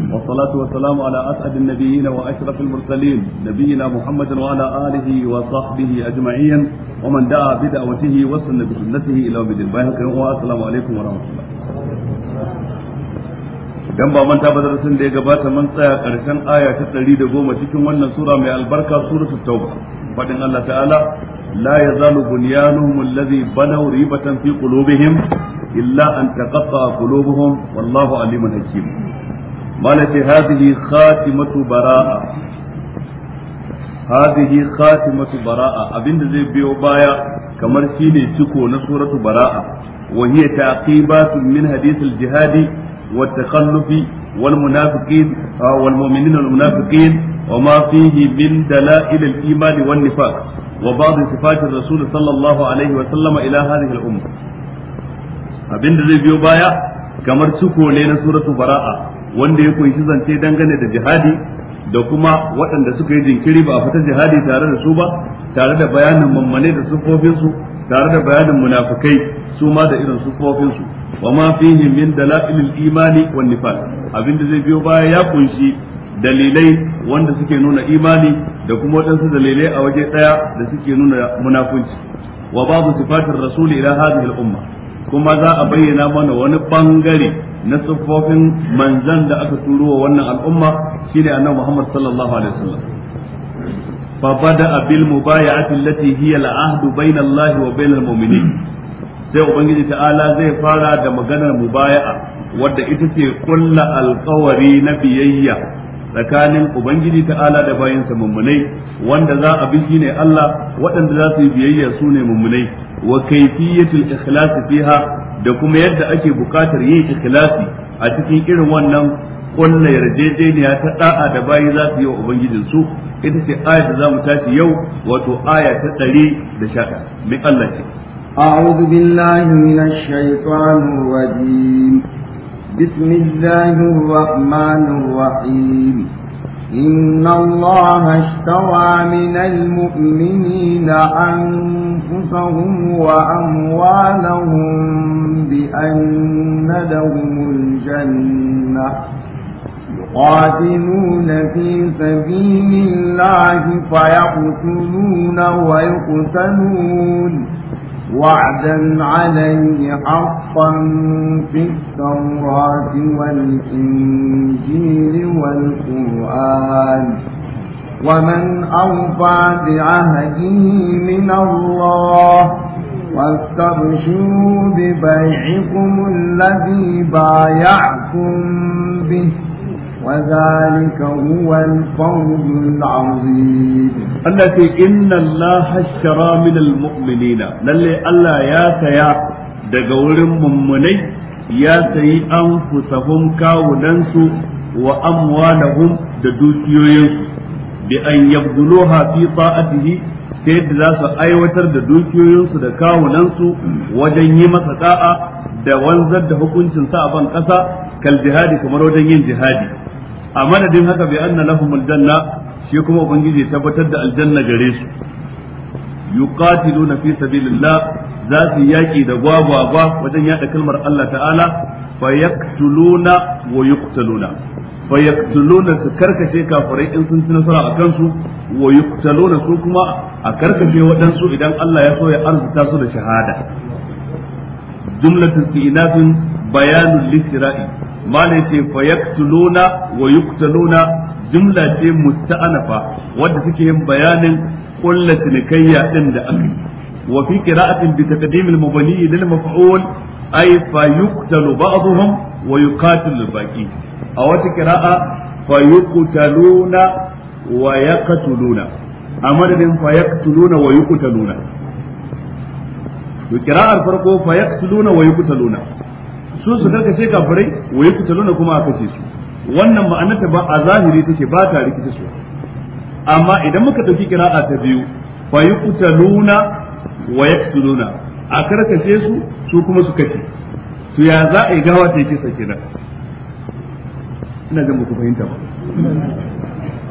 والصلاة والسلام على أسعد النبيين وأشرف المرسلين نبينا محمد وعلى آله وصحبه أجمعين ومن دعا بدعوته وسن بسنته إلى يوم الدين السلام عليكم ورحمة الله dan ba manta ba darasin da ya gabata mun tsaya karshen aya ta goma cikin wannan sura mai albarka suratul tauba fadin Allah ta'ala la yazalu bunyanuhum alladhi banaw ribatan fi qulubihim illa an taqatta qulubuhum wallahu malaka hadhihi khatimatu bara'a hadhihi khatimatu bara'a abinda zai biyo baya kamar shine ciko na suratu bara'a wa hiya taqibatun min hadith jihadi wa takhallufi wal munafiqin wal mu'minina wal munafiqin wa ma fihi min dalail al-iman wan nifaq wa ba'd sifat ar-rasul sallallahu alaihi wa sallama ila hadhihi al-umma zai biyo baya kamar ciko ne na suratu bara'a wanda ya koyi zance dangane da jihadi da kuma waɗanda suka yi jinkiri ba a fita jihadi tare da su ba tare da bayanin mammane da sufofinsu tare da bayanin munafukai su ma da irin sufofinsu wa ma fihi min dalailil imani wan nifaq abinda zai biyo baya ya kunshi dalilai wanda suke nuna imani da kuma waɗansu dalilai a waje ɗaya da suke nuna munafunci wa babu sifatin rasuli ila hadhihi al-umma kuma za a bayyana mana wani bangare na siffofin manzan da aka turo wa wannan al'umma shine annabi Muhammad sallallahu alaihi wasallam fa bada bil mubay'ati allati hiya al bayna Allah wa bayna al-mu'minin sai ubangiji ta'ala zai fara da maganar mubaya'a wadda ita ce kulla alkawari na biyayya tsakanin ubangiji ta'ala da bayansa mummunai wanda za a bi shine Allah waɗanda za su yi biyayya su ne mummunai wa kayfiyatul ikhlas fiha da kuma yadda ake bukatar yin ikhlasi a cikin irin wannan kulla yarjejeniya ta da'a da bayi za su yi wa ubangijin su ita ce aya da zamu tashi yau wato aya ta ɗari da shaka mai Allah ce a'udhu billahi minash الشيطان rajim bismillahir rahmanir rahim إن الله اشترى من المؤمنين أنفسهم وأموالهم بأن لهم الجنة يقاتلون في سبيل الله فيقتلون ويقتلون وعدا عليه حقا في التوراة والإنجيل والقرآن ومن أوفى بعهده من الله واستبشروا ببيعكم الذي بايعكم به وذلك هو الفوز العظيم التي إن الله اشترى من المؤمنين للي الله يا سيا دقور ممني يا سي أنفسهم كاوننسو وأموالهم دوكيوينسو بأن يبذلوها في طاعته ta yadda za su aiwatar da dukiyoyinsu da kawunansu wajen yi masa da'a da wanzar da hukuncinsa a ban ƙasa kal jihadi kamar wajen yin jihadi a madadin haka bai anna lahum aljanna shi kuma ubangiji tabbatar da aljanna gare su yuqatiluna fi sabilillah za su yaki da gwagwagwa wajen yada kalmar Allah ta'ala fayaktuluna wa yuqtaluna su karkace kafirai in sun ci nasara a kansu wa yuqtaluna su kuma a karkace waɗansu idan Allah ya so ya arzuta su da shahada jumlatul inafin bayanul lisra'i mala yace fa yaqtuluna wa yuqtaluna jumla ce musta'anafa wadda suke yin bayanin kullu tinikayya din da aka yi. wa fi qira'atin bi taqdim al-mubani lil maf'ul ay fa yuqtalu ba'dhum wa yuqatilu al-baqi a wata qira'a fa yuqtaluna wa yaqtuluna a madadin fa yaqtuluna wa yuqtaluna to qira'ar farko fa yaqtuluna wa yuqtaluna su su karkace kafirai wa na kuma aka ce su wannan ma'anarta ba a zahiri take ba ta rikice su amma idan muka dauki kira'a ta biyu fa yakutaluna wa yaktuluna a karkace su su kuma su kace to ya za a yi gawa ta kisa kenan ina ga muku fahimta ba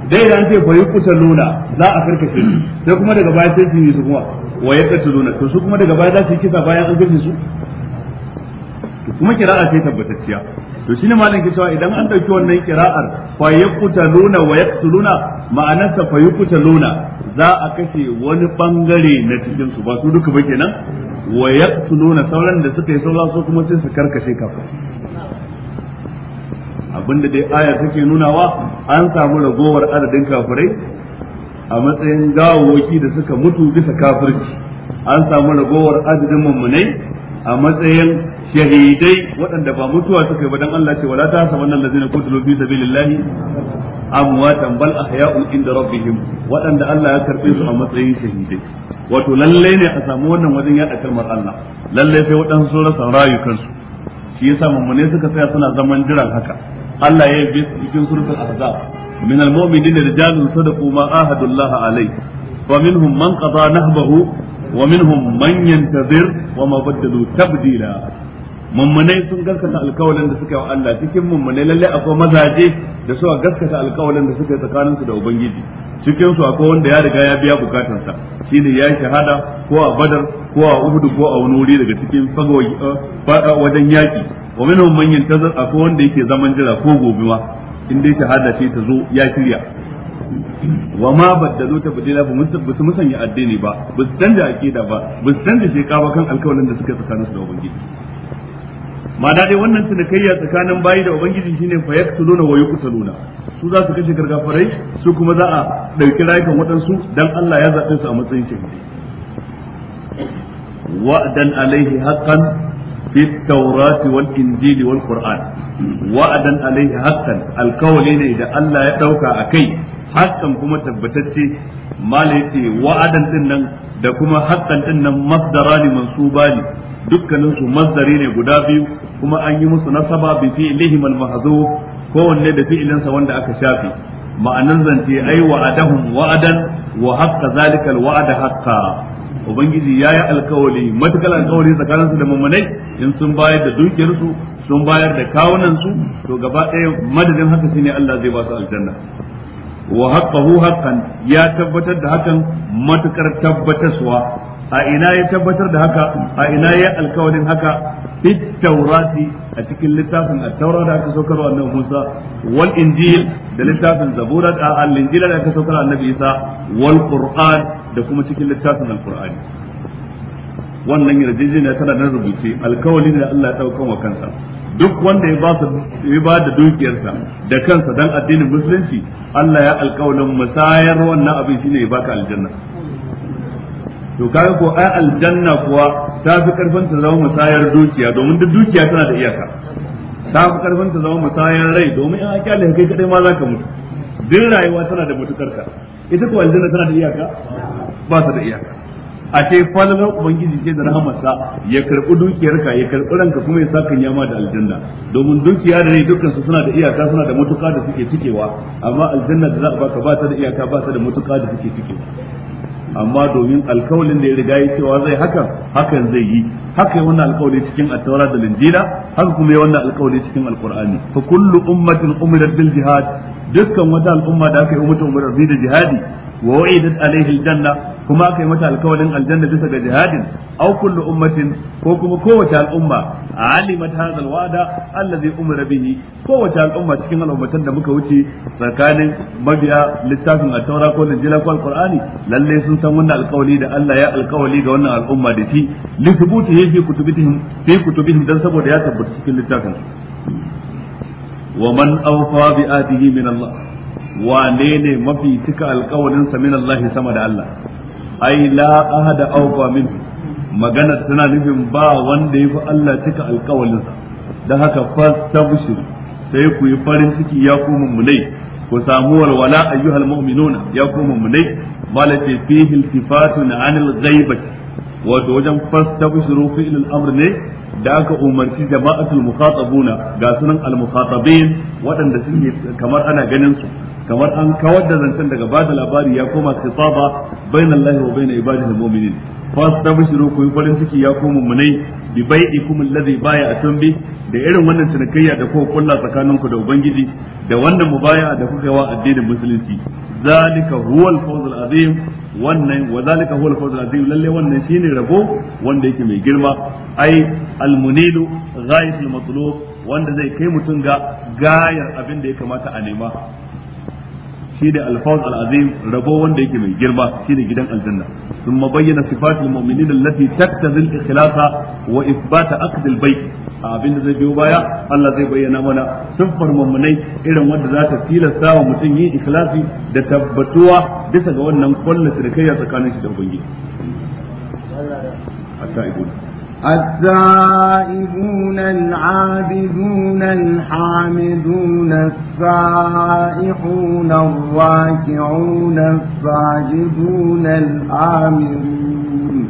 dai da an ce fa yakutaluna za a karkace su sai kuma daga baya sai su yi su kuma wa yaktuluna to su kuma daga baya za su yi kisa bayan an kashe su to kuma kira'a sai tabbatacciya to shine malamin ke cewa idan an dauki wannan kira'ar fa yaqtuluna wa yaqtuluna ma'anarsa fa yaqtuluna za a kashe wani bangare na cikin su ba su duka ba kenan wa yaqtuluna sauran da suka yi saura su kuma sai su karkashe kafin abinda dai aya take nunawa an samu ragowar adadin kafirai a matsayin gawawaki da suka mutu bisa kafirci an samu ragowar adadin mummunai a matsayin shahidai waɗanda ba mutuwa suka yi ba dan Allah ce wala ta saman allazina qutilu fi sabilillahi amwatan bal ahya'un inda rabbihim waɗanda Allah ya karbe su a matsayin shahidai wato lalle ne a samu wannan wajen yada kalmar Allah lalle sai waɗansu sun rasa rayukansu shi yasa mummune suka tsaya suna zaman jiran haka Allah ya yi cikin suratul ahzab min almu'minina rijalun sadaqu ma ahadullaha alai. wa minhum man qada nahbahu ومنهم من ينتظر وما بدلوا تبديلا mummunai sun gaskata alkawalin da suka yi wa Allah cikin mummunai lalle akwai mazaje da suka gaskata alkawalin da suka yi tsakanin su da ubangiji cikin su akwai wanda ya riga ya biya bukatansa shine ya shahada ko a badar ko a uhud ko a wani wuri daga cikin eh, wajen yaki wa minhum man yantazir akwai wanda yake zaman jira ko gobe ma in dai shahada ce ta zo ya shirya wa ma baddalu tabdila ba musu musanya addini ba ba su canja aqida ba ba su canja sheka kan alkawalin da suka tsakanin su da ubangiji Mana dai wannan cinikayya tsakanin bayi da ubangiji shine fa yaqtuluna wa yuqtaluna su za su kashe gargafarai su kuma za a dauki rayukan waɗansu dan Allah ya zaɓe su a matsayin shahidi wa'dan alaihi haqqan fi at-taurati wal injili wal qur'an wa'dan alaihi haqqan alkawli ne da Allah ya dauka akai haqqan kuma tabbatacce mala yace wa'adan din nan da kuma haqqan din nan masdara ne mansuba ne dukkanin su ne guda biyu kuma an yi musu nasaba bi fi'lihim al kowanne da fi'ilinsa wanda aka shafe ma'anan zance ai wa'adahum wa'adan wa haqqa zalika al-wa'd haqqa ubangiji yayi alkawali matakal alkawari tsakanin su da mumunai in sun bayar da dukiyar su sun bayar da kawunan su to gaba ɗaya madadin haka shine Allah zai ba su aljanna wa haqqahu haqqan ya tabbatar da hakan matakar tabbatarwa. a ina ya tabbatar da haka a ina ya alkawarin haka fit taurati a cikin littafin at-taura da aka saukar wa annabi Musa wal injil da littafin zabura da al-injil da aka saukar annabi Isa wal qur'an da kuma cikin littafin al-qur'ani wannan yarjejeniya tana nan rubuce alkawalin da Allah ya daukan wa kansa duk wanda ya ba su ba da dukiyarsa da kansa dan addinin musulunci Allah ya alkawalin musayar wannan abin shine ya baka aljanna to kaga ko ai aljanna kuwa ta fi karfin ta zama musayar dukiya domin duk dukiya tana da iyaka ta fi karfin ta zama musayar rai domin in aka da kai kadai ma za ka mutu duk rayuwa tana da mutukarka ita ko aljanna tana da iyaka ba ta da iyaka a ce falalar ubangiji ce da rahamarsa ya karbi dukiyarka ya karbi ranka kuma ya saka nyama da aljanna domin dukiya da rai dukkan su suna da iyaka suna da mutuka da suke cikewa amma aljanna da za a baka ba ta da iyaka ba ta da mutuka da suke cikewa amma domin alkawalin da ya riga ya cewa zai hakan hakan zai yi haka yi wannan alkawali cikin attaura da linjila haka kuma yi wannan alkawali cikin alkur'ani fa kullu ummatin umrat bil jihad dukkan wata al'umma da aka yi mutu umarni da jihadi wa wa'idat alaihi kuma aka yi mata alkawarin aljanna bisa ga jihadin aw kullu ummatin ko kuma kowace al'umma alimat hadha alwa'da allazi umira bihi kowace al'umma cikin al'ummatan da muka wuce tsakanin mabiya littafin at-taura ko injila ko lalle sun san wannan alkawari da Allah ya alkawari ga wannan al'umma da shi li thubuti fi kutubihim fi kutubihim dan saboda ya tabbata cikin littafin wa man awfa bi atihi min Allah wane ne mafi cika alƙawarin sa min Allah sama da Allah ai la ahada awfa min magana tana nufin ba wanda yafi Allah cika alƙawarin sa dan haka fastabshir sai ku yi farin ciki ya ku mummunai ku samu walwala ayyuhal mu'minuna ya ku mummunai malati fihi iltifatun anil ghaibati wato wajen fastabshiru fi'il al-amr ne da aka umarci jama'atul mukhatabuna ga sunan al mukhatabin waɗanda suke kamar ana ganin su kamar an kawar da zancen daga ba da labari ya koma khitaba bainallahi wa bain da mu'minin fastabshiru ku farin ciki ya koma munai bi bai'ikum alladhi baya bi da irin wannan cinikayya da kuka kulla tsakaninku da ubangiji da wannan mubaya'a da kuka yi wa addinin musulunci zalika huwal fawzul azim wannan wa zalika huwa al-fawz al-azim lalle wannan shine rabo wanda yake mai girma ai al-munilu ghayatul matlub wanda zai kai mutum ga gayar abin da ya kamata a nema shine al-fawz al-azim rabo wanda yake mai girma shine gidan aljanna thumma bayyana sifatul mu'minin allati taktazi al-ikhlasa wa isbata aqd bai. A abin da zai biyo baya Allah zai bayyana mana siffar muminai irin wanda za ta tilasta wa mutum yin ikhlasi da tabbatuwa bisa ga wannan kullatu da tsakanin shi da ubangiji hatta التائبون العابدون الحامدون السائحون الراكعون الساجدون الآمرون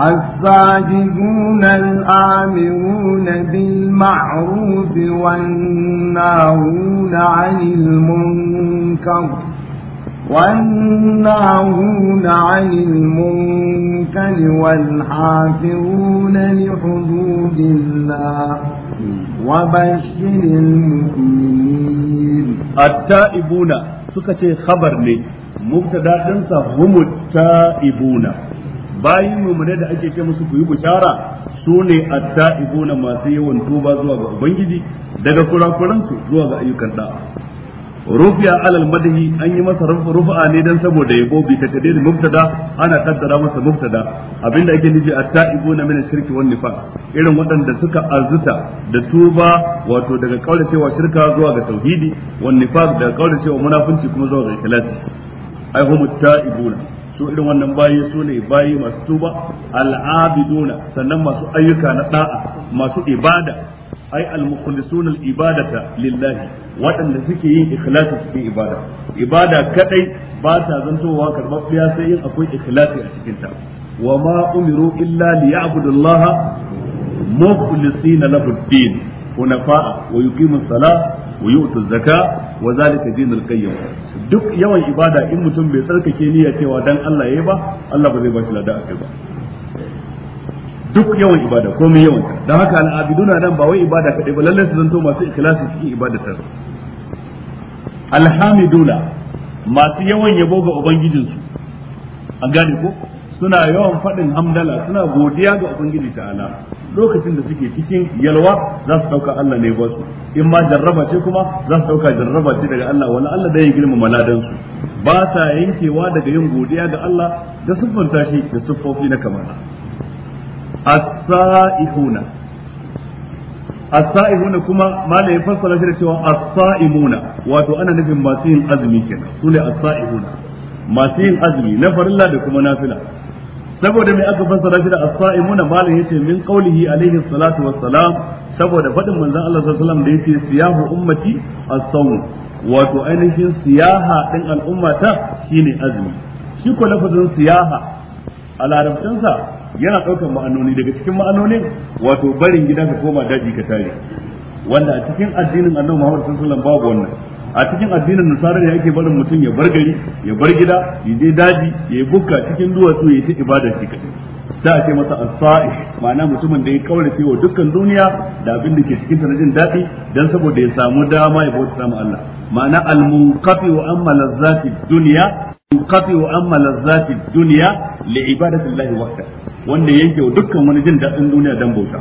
الساجدون الآمرون بالمعروف والناهون عن المنكر والناهون عن المنكر والحافظون لحدود الله وبشر المؤمنين التائبون سكتي خبر لي مبتدا تنسى هم التائبون bayin mumune da ake ce musu ku yi bishara su ne na masu yawan tuba zuwa ga ubangiji daga kurakuransu zuwa ga ayyukan da'a rufiya alal madahi, an yi masa rufa ne dan saboda yabo bi takdir mubtada ana kaddara masa mubtada abinda ake nufi at-ta'ibuna min ash-shirki wan nifaq irin waɗanda suka azuta da tuba wato daga cewa shirka zuwa ga tauhidi wan nifaq daga cewa munafunci kuma zuwa ga ikhlasi ai at ta'ibuna su irin wannan bayi su ne bayi masu tuba al-abiduna sannan masu ayyuka na da'a masu ibada ai al-mukhlisuna al-ibadata lillahi waɗanda suke yin ikhlasi cikin ibada ibada kadai ba ta zantowa karbabbiya sai yin akwai ikhlasi a cikin ta wa ma umiru illa liya'budu Allah mukhlisina lahu ad-din hunafa wa yuqimu as-salah wa yu'tu az zaka wa zalika dinul qayyim duk yawan ibada in mutum bai tsarkake niyya cewa dan Allah yayi ba Allah ba zai ba shi lada ba duk yawan ibada ko komai yawan dan haka al'abiduna nan ba wai ibada kadai ba lalle su zanto masu ikhlasi cikin ibadatar alhamiduna masu yawan yabo ga ubangijinsu an gane ko suna yawan faɗin hamdala suna godiya ga ubangiji ta'ala lokacin da suke cikin yalwa za su dauka Allah ne ba su in ma jarraba ce kuma za su dauka jarraba ce daga Allah wani Allah da ya girmama maladan su ba sa yankewa daga yin godiya ga Allah da siffanta shi da siffofi na kamala as-sa'ihuna as-sa'ihuna kuma malai fassara shi da cewa as-sa'imuna wato ana nufin masu yin azumi kenan su ne as-sa'ihuna masu yin azumi na farilla da kuma nafila saboda me aka fassara shi da as-sa'imuna malai yace min qaulihi alaihi salatu wassalam saboda faɗin manzon Allah sallallahu alaihi wasallam da yace siyahu ummati as-sawm wato ainihin siyaha ɗin al'ummata shine azumi shi ko lafazin siyaha a larabcinsa yana ɗaukar ma'anoni daga cikin ma'anoni wato barin gida ka koma daji ka tare wanda a cikin addinin annabi Muhammad sallallahu alaihi wasallam babu wannan a cikin addinin nasara da yake barin mutum ya bar gari ya bar gida ya je daji ya yi bukka cikin duwatsu ya yi ibada shi kadai da ake masa asai ma'ana mutumin da ya kaurace wa dukkan duniya da abin da ke cikin ta na jin daɗi dan saboda ya samu dama ya bauta samu Allah ma'ana al-munqati wa amma lazzati dunya munqati wa amma lazzati dunya li ibadati Allah wahdahu wanda yanke dukkan wani jin daɗin duniya dan bauta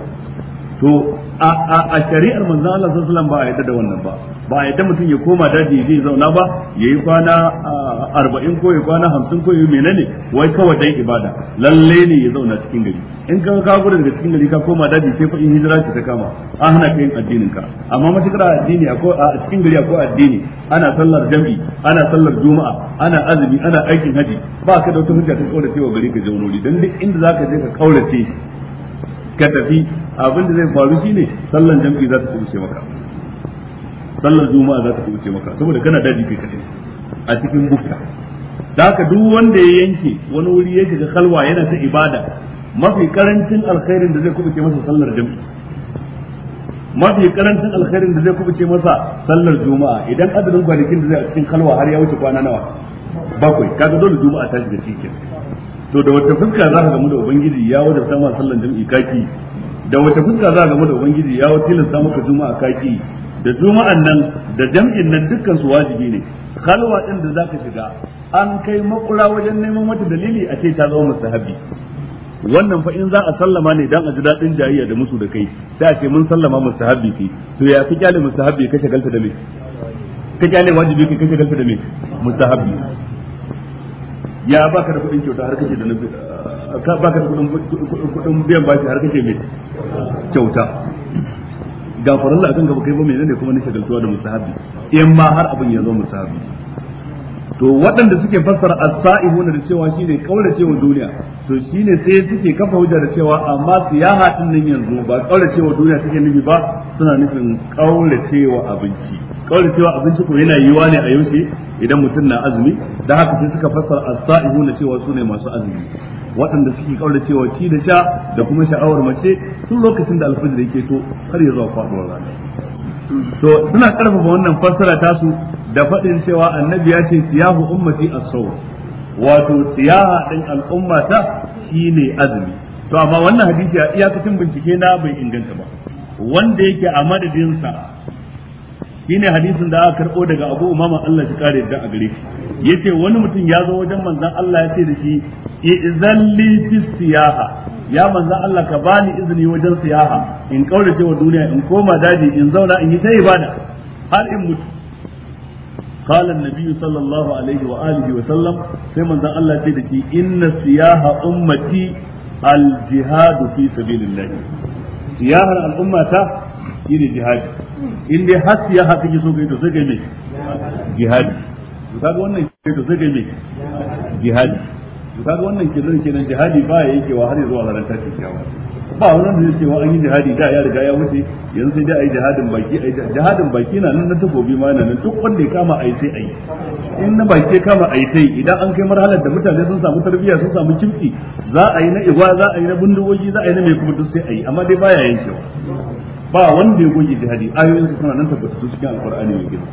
to a shari'ar manzon Allah sallallahu alaihi wasallam ba a yadda da wannan ba ba a yadda mutum ya koma daji zai zauna ba yayi kwana 40 ko ya kwana 50 ko ya menene wai kawai dan ibada lalle ne ya zauna cikin gari in ka ka gudu daga cikin gari ka koma daji sai fa in hijira ce ta kama an hana ka yin addinin ka amma matakar addini a cikin gari akwai addini ana sallar jami'i ana sallar juma'a ana azumi ana aikin haji ba ka da wata hujja ta kaurace wa gari ka je wani dan duk inda zaka je ka kaurace ka tafi abin da zai faru shine sallan jam'i za ta kubuce maka sallar juma'a za ta kubuce maka saboda kana daji kai kadai a cikin bukka da haka duk wanda ya yanke wani wuri ya shiga kalwa yana ta ibada mafi karancin alkhairin da zai kubuce masa sallar jam'i mafi karancin alkhairin da zai kubuce masa sallar juma'a idan adadin kwanakin da zai a cikin kalwa har ya wuce kwana nawa bakwai kaga dole juma'a ta shiga cikin to da wata fuska za ka gamu da ubangiji ya wajen sama sallan jam'i kaki da wace fuska za a gama da ubangiji ya tilasta maka juma'a kaki da juma'an nan da jam'in nan dukkan su wajibi ne halwa din da zaka shiga an kai makura wajen neman mata dalili a ce ta zama mustahabi wannan fa in za a sallama ne dan a ji dadin jayayya da musu da kai sai a ce mun sallama mustahabi ki to ya fi kyale mustahabi ka shagalta da me ka kyale wajibi ka shagalta da me mustahabi ya baka da kudin kyauta har kace da baka da kudin biyan bashi har kace mai kyauta ga farilla kan gaba kai ba menene kuma ne shagaltuwa da musahabi in ma har abin ya zo musahabi to waɗanda suke fassara as-sa'ihun da cewa shine kauracewa duniya to shine sai suke kafa hujja da cewa amma siyaha din nan yanzu ba kauracewa duniya take nufi ba suna nufin kauracewa abinci kawai cewa abinci ko yana yiwa ne a yaushe idan mutum na azumi da haka sai suka fassara a saihu na cewa su ne masu azumi waɗanda suke kawai cewa ci da sha da kuma sha'awar mace tun lokacin da alfajir yake to har ya zuwa faɗuwar rana to suna karfafa wannan fassara tasu da faɗin cewa annabi ya ce siyahu ummati as-sawm wato siyaha din al'umma ta shine azumi to amma wannan hadisi a iyakacin bincike na bai inganta ba wanda yake a madadinsa shine hadisin da aka karbo daga Abu Umama Allah shi kare da a gare shi yace wani mutum ya zo wajen manzon Allah ya ce da shi izalli fi siyaha ya manzon Allah ka bani izini wajen siyaha in kaurace wa duniya in koma daji in zauna in yi ta ibada har in mutu قال النبي صلى الله عليه وآله وسلم كما ذا الله تدكي إن السياحة أمتي الجهاد في سبيل الله سياحة الأمة يلي جهاد in dai har siya haka ke so kai to sai kai me jihadi to kaga wannan kai to sai kai me jihadi to kaga wannan ke zan kenan jihadi ba ya yake wa har zuwa ranar tashin kiyama ba wannan da zai cewa an yi jihadi da ya riga ya wuce yanzu sai dai ai jihadin baki ai jihadin baki na nan na takobi ma na nan duk wanda ya kama ai sai ai. in na baki kama ai sai idan an kai marhalar da mutane sun samu tarbiyya sun samu kimki za a yi na igwa za a yi na bindigogi za a yi na mai kuma duk sai ai amma dai baya yankewa ba wanda ya goge jihadi ayoyin su suna nan tabbatattu cikin alqur'ani mai girma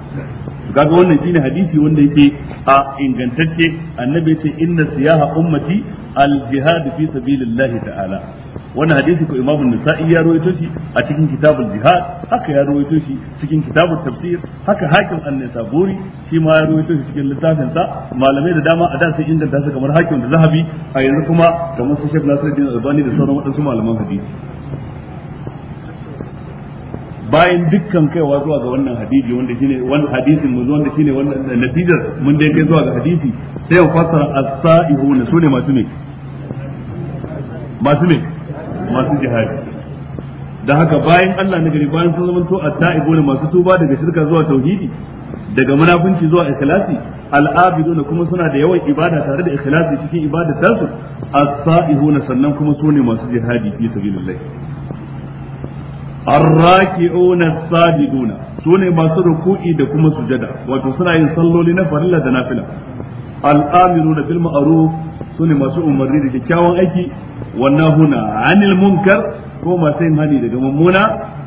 kaga wannan shine hadisi wanda yake a ingantacce annabi ce inna siyaha ummati al-jihad fi sabilillah ta'ala wannan hadisi ko imamu nisa'i ya rawaito shi a cikin kitabul jihad haka ya rawaito shi cikin kitabul tafsir haka hakim an-nisaburi shi ma ya rawaito shi cikin littafin sa malamai da dama a da sai inganta su kamar hakim da zahabi a yanzu kuma kamar su Sheikh Nasiruddin Albani da sauran waɗansu malaman hadisi bayan dukkan kaiwa zuwa ga wannan hadisi wanda shine wannan hadisin mu wanda shine wannan natijar mun dai kai zuwa ga hadisi sai mu fasara as-sa'ihuna sune masu ne masu ne masu jihadi da haka bayan Allah na gari bayan sun zama to as-sa'ihuna masu tuba daga shirka zuwa tauhidi daga munafunci zuwa ikhlasi al-abiduna kuma suna da yawan ibada tare da ikhlasi cikin ibadatarsu as-sa'ihuna sannan kuma sune masu jihadi fi sabilillah الراكعون sune سوني ما ركوعي da kuma sujada wato suna yin salloli na farilla da nafila al'amiruna bil ma'ruf sune masu umarni da kyakkyawan aiki wannan huna anil munkar ko masu hani daga mummuna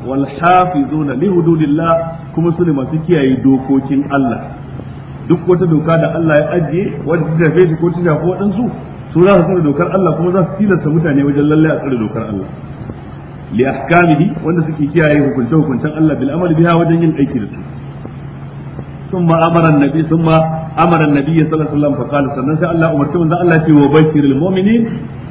wal hafizuna li hududillah kuma sune masu kiyaye dokokin Allah duk wata doka da Allah ya ajiye wanda ta tafi ko ta tafi waɗansu su za su tsare dokar Allah kuma za su tilasta mutane wajen lallai a tsare dokar Allah li ahkamihi wanda suke kiyaye hukunce hukuncen Allah bil amali biha wajen yin aiki da su ثم امر النبي ثم امر النبي صلى الله عليه وسلم فقال سنن sai Allah umarci manzo Allah ce wa bashiril mu'minin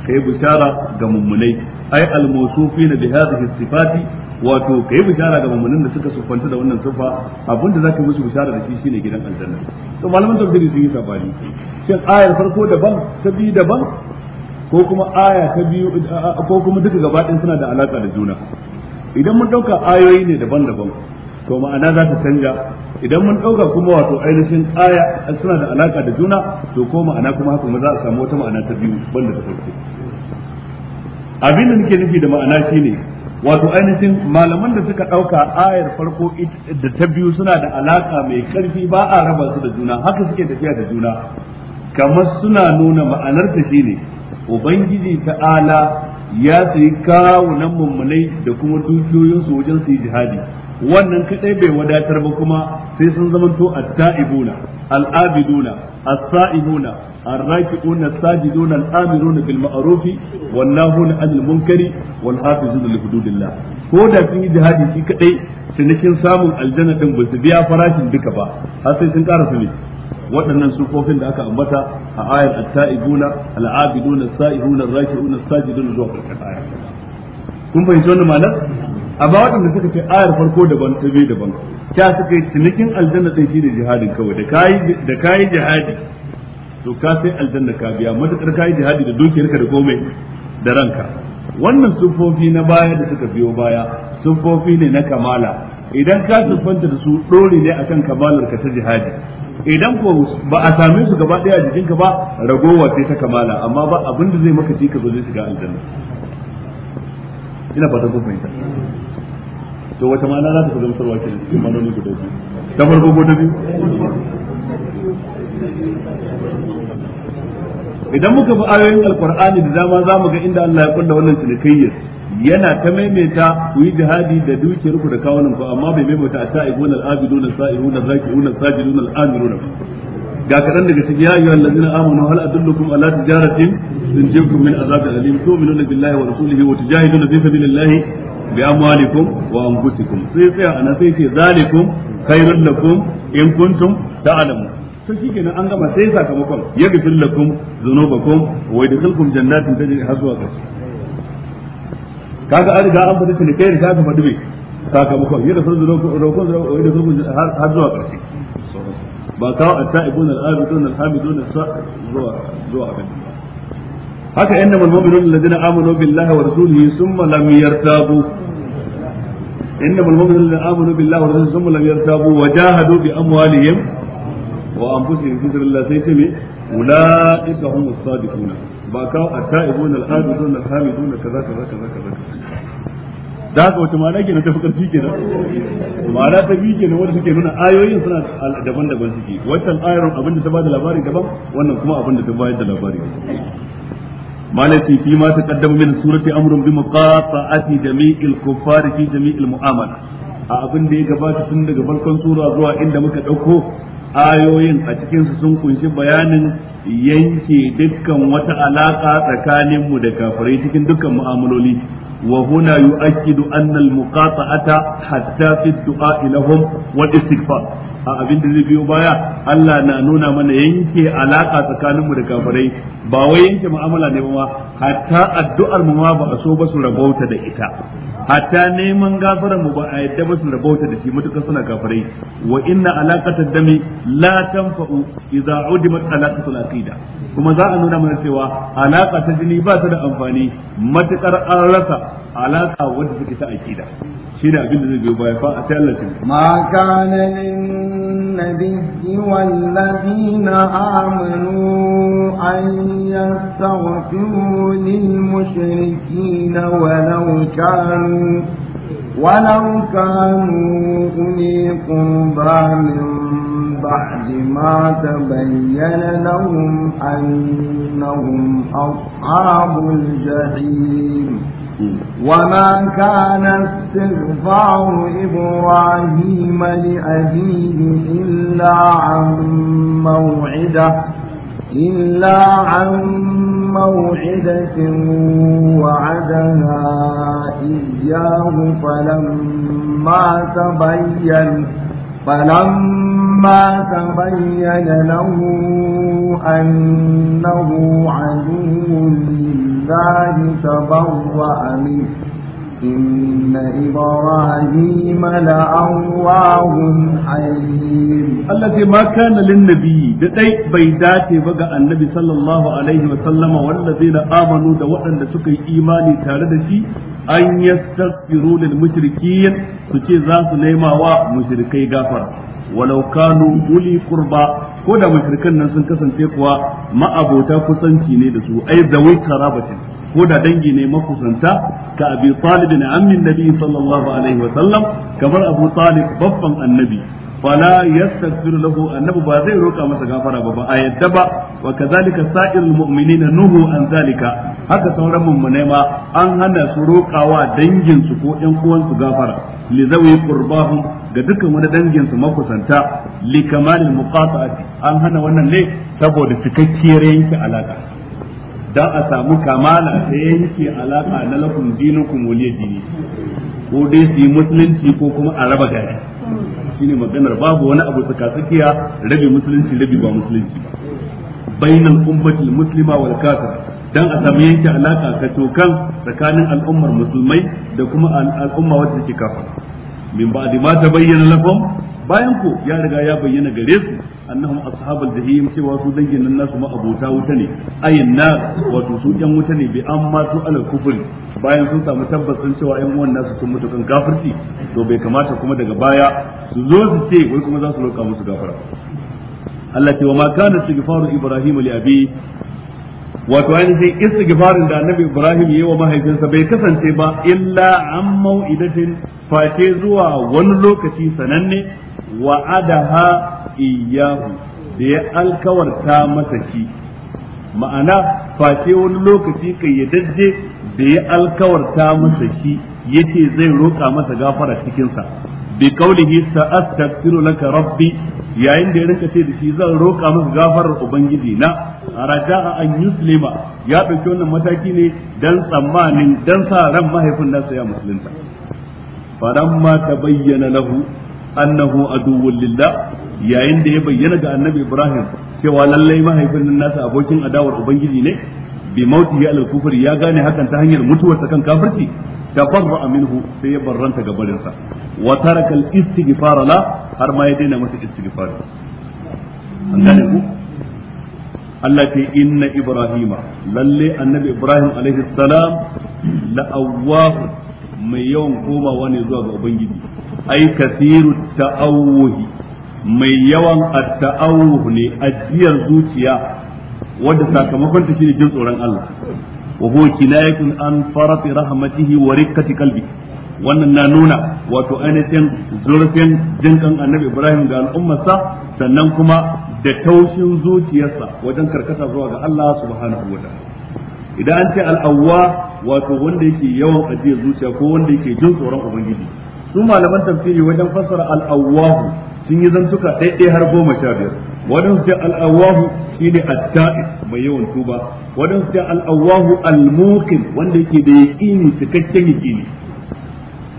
kai bishara ga mummunai ai al mawsufina bi hadhihi sifati wato kai bishara ga mummunan da suka sufanta da wannan sufa abinda zaka musu bishara da shi shine gidan aljanna to malaman tafsiri sun yi sabani shin ayar farko daban ta biyu daban ko kuma aya ta biyu ko kuma duka gaba ɗin suna da alaƙa da juna idan mun ɗauka ayoyi ne daban-daban to ma'ana za ta canja idan mun ɗauka kuma wato ainihin aya suna da alaƙa da juna to ko ma'ana kuma haka za a samu wata ma'ana ta biyu banda ta farko abin da nake nufi da ma'ana shine wato ainihin malaman da suka ɗauka ayar farko da ta biyu suna da alaƙa mai ƙarfi ba a raba su da juna haka suke tafiya da juna kamar suna nuna ma'anar ta shine ubangiji ta'ala ya sayi kawunan mummunai da kuma dukiyoyinsu wajen su yi jihadi wannan kadai bai wadatar ba kuma sai sun zamanto at-ta'ibuna al-abiduna as-sa'ibuna ar-raki'una as-sajiduna al-amiruna bil ma'ruf wal nahuna 'anil munkari wal hafizuna li hududillah ko da sun yi jihadi shi kadai cinikin samun aljanna din ba su biya farashin duka ba har sai sun ƙara su ne waɗannan sufofin da aka ambata a ayar at-ta'ibuna al-abiduna as-sa'ihuna ar-raki'una as-sajiduna zuwa ƙarshen aya kun fahimci wannan ma'ana amma waɗanda suka ce ayar farko daban ta biyu daban ta suka yi cinikin aljanna ɗin shine jihadin kawai da kayi da kayi jihadi to ka sai aljanna ka biya matukar kayi jihadi da dukiyarka da komai da ranka wannan sufofi na baya da suka biyo baya sufofi ne na kamala idan ka siffanta da su ɗore ne akan kamalar ka ta jihadi idan ko ba a same su gaba daya a jikinka ba ragowa sai ta kamala amma ba abin da zai maka cika zai shiga aljanna ina fatan kun fahimta to wata mana za ta zama sarwa kenan cikin manoni guda biyu ta farko ko ta biyu idan muka bi ayoyin alqur'ani da dama za mu ga inda Allah ya kulla wannan cinikayyar yana ta maimaita ku yi jihadi da dukiyar ku da kawunan ku amma bai maimaita a ta'ibuna al-abiduna sa'iruna zakiuna sajiduna al-amiruna ga kaɗan daga cikin ya yi ayyuhal ladzina amanu hal adullukum ala tijaratin tunjikum min azabin alim tu'minuna billahi wa rasulihi wa tujahiduna fi sabilillahi bi amwalikum wa anfusikum sai sai ana sai ce zalikum khairul lakum in kuntum ta'lamun to shikenan an gama sai sakamakon ya gafir lakum dhunubakum wa yadkhulukum jannatin tajri hazwa kaga an riga an faɗi cinikai da kaga faɗi bai sakamakon yi da sun roƙon roƙon da sun har zuwa ƙarshe ba kawo at-ta'ibun al-abidun al-hamidun zuwa zuwa abin haka inna al-mu'minun alladhina amanu billahi wa rasulihi thumma lam yartabu inna al-mu'minun alladhina amanu billahi wa rasulihi thumma lam yartabu wa jahadu bi amwalihim wa anfusihim fi sabilillahi saytimi ulaika humus sadiquna ba kawo at-ta'ibuna al-abiduna al-hamiduna kaza kaza kaza kaza da haka wace ma'ana kenan tafi karfi kenan ma'ana ta biyu kenan wanda suke nuna ayoyin suna daban-daban suke wancan ayar abin da ta bada labari daban wannan kuma abin da ta bayar da labari malati fi ma ta taqaddama min surati amrun bi muqata'ati jami'il kuffari fi jami'il mu'amala a abin da ya gabata tun daga farkon sura zuwa inda muka dauko ayoyin a cikinsu sun kunshi bayanin yanke dukkan wata alaƙa tsakaninmu da kafirai cikin dukkan mu'amaloli wa huna yu'akkidu anna al-muqata'ata hatta fi du'a ilahum wal istighfar a abin da zai biyo baya Allah na nuna mana yanke alaka tsakanin mu da kafirai ba wai yanke mu'amala ne ba hatta addu'ar mu ma ba a so ba su rabauta da ita hatta neman gafaran mu ba a yadda ba su rabauta da shi mutukar suna kafirai wa inna alaqatad dami la tanfa'u idza udimat alaqatul aqida kuma za a nuna mana cewa alaka ta jini ba ta da amfani matukar an rasa alaka wadda take ta aqida شنو أبن النبي ما كان للنبي والذين آمنوا أن يستغفروا للمشركين ولو كانوا ولو كانوا أولي قربى من بعد ما تبين لهم أنهم أصحاب الجحيم وما كان استغفار إبراهيم لأبيه إلا عن موعدة إلا عن موعدة وعدها إياه فلما تبين فلما تبين له أنه عدو لي الله تبوأ منه إن إبراهيم لأواه حليم التي ما كان للنبي دقي بيدات بقى النبي صلى الله عليه وسلم والذين آمنوا دوأن لسكي إيماني تاردشي أن يستغفروا للمشركين سكي ذات نيما ومشركي غافر walau kanu uli ko da mushrikan nan sun kasance kuwa ma'abota kusanci ne da su ai da wai karabatin ko da dangi ne makusanta ka abi talib na ammin nabi sallallahu alaihi wa sallam kamar abu talib babban annabi fala yastaghfiru lahu annabi ba zai roka masa gafara ba ba a yadda ba wa kazalika sa'irul na nuhu an zalika haka sauran mummunai ma an hana su rokawa dangin su ko ƴan uwan su gafara li zawi qurbahum ga dukkan wani dangin su makusanta li kamalil muqata'ati an hana wannan ne saboda cikakkiyar yanke alaka dan a samu kamala ta yanke alaka na lakum dinukum waliyadini ko dai su yi musulunci ko kuma a raba gari shine maganar babu wani abu tsakatsakiya rabi musulunci rabi ba musulunci ba bainal ummatil muslima wal kafir dan a samu yanke alaka ka tokan tsakanin al'ummar musulmai da kuma al'umma wadda take kafa min ba'di ma tabayyana lakum bayan ko ya riga ya bayyana gare su annahum ashabul jahim cewa su dangin nan nasu ma abota wuta ne ayin na wato su yan wuta ne bi amma su alal kufur bayan sun samu tabbacin cewa yan uwan nasu sun mutu kan kafirci to bai kamata kuma daga baya su zo su ce wai kuma za su roƙa musu gafara Allah ce wa ma kana istighfaru ibrahim li abi wato ainihin istighfarin da annabi ibrahim yayi wa mahaifinsa bai kasance ba illa an mau'idatin face zuwa wani lokaci sananne wa'adaha iyyahu da ya alkawarta masa shi ma'ana face wani lokaci kayyadajje da ya alkawarta masa shi yace zai roƙa masa gafara cikin sa bi qawlihi sa'astaghfiru laka rabbi yayin da ya rinka ce da shi zan roƙa masa gafarar ubangiji na a an yuslima ya ɗauki wannan mataki ne dan tsammanin dan sa ran mahaifin nasa ya musulunta faramma tabayyana lahu annahu aduwwul lillah yayin da ya bayyana ga annabi Ibrahim cewa lallai mahaifin nasa abokin adawar ubangiji ne bi mauti ya al ya gane hakan ta hanyar mutuwar mutuwarsa kan kafirci tabarra minhu sai ya barranta ga barinsa wa taraka al istighfar la har ma ya daina masa istighfar an gane ku Allah ce inna ibrahima lalle annabi ibrahim alaihi salam la awwah mai yawan komawa ne zuwa ga ubangiji ai kasiru ta'awuhi mai yawan at-ta'awuh ne ajiyar zuciya wanda sakamakon ta shine jin tsoron Allah an farati wannan na nuna wato ainihin zurfin jinkan annabi Ibrahim ga al'ummarsa sannan kuma da taushin zuciyarsa wajen karkata zuwa ga Allah subhanahu wa idan an ce al'awwa wato wanda yake yawan ajiyar zuciya ko wanda yake jin tsoron ubangiji su malaman tafsiri wajen fassara al'awahu sun yi zantuka daidai har goma sha biyar waɗansu ce al'awahu shi ne atta'is mai yawan tuba waɗansu ce al'awahu al mukin wanda yake da yaƙini cikakken yaƙini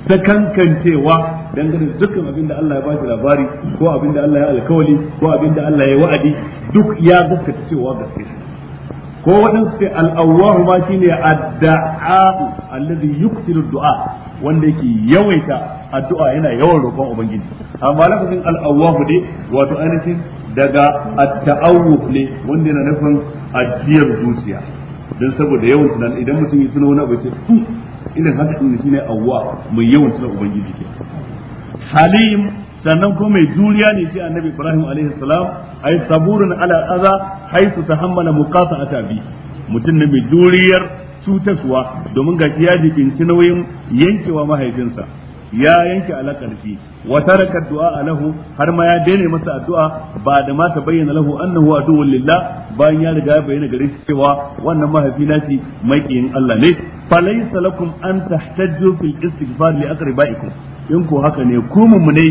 ta kankancewa dangane da dukkan abin da Allah ya ba shi labari ko abin da Allah ya alkawali ko abin da Allah ya wa'adi duk ya gaskata cewa gaske ko waɗansu ce al'awahu ma shi ne adda'a'u alladhi du'a wanda yake yawaita addu'a yana yawan roƙon ubangiji amma lafazin al-awwahu dai wato ainihin daga at taawwuf ne wanda yana nufin ajiyar zuciya dan saboda yawan tunani idan mutum ya tuna wani abu ce hmm, irin haka din shine awwa mai yawan tuna ubangiji ke halim sannan kuma mai juriya ne shi annabi ibrahim alaihi salam ay saburun ala aza haythu tahammala muqata'ata bi mutum ne mai juriyar cutarwa domin ga ya jibinci nauyin yankewa mahaifinsa ya yanke alakar shi wa taraka du'a lahu har ma ya daina masa addu'a ba da ma ta bayyana lahu annahu aduwwul lillah bayan ya riga ya bayyana gare shi cewa wannan mahaifi na mai maƙiyin Allah ne laysa lakum an tahtajju fil istighfar li aqrabaikum in ko haka ne ku ne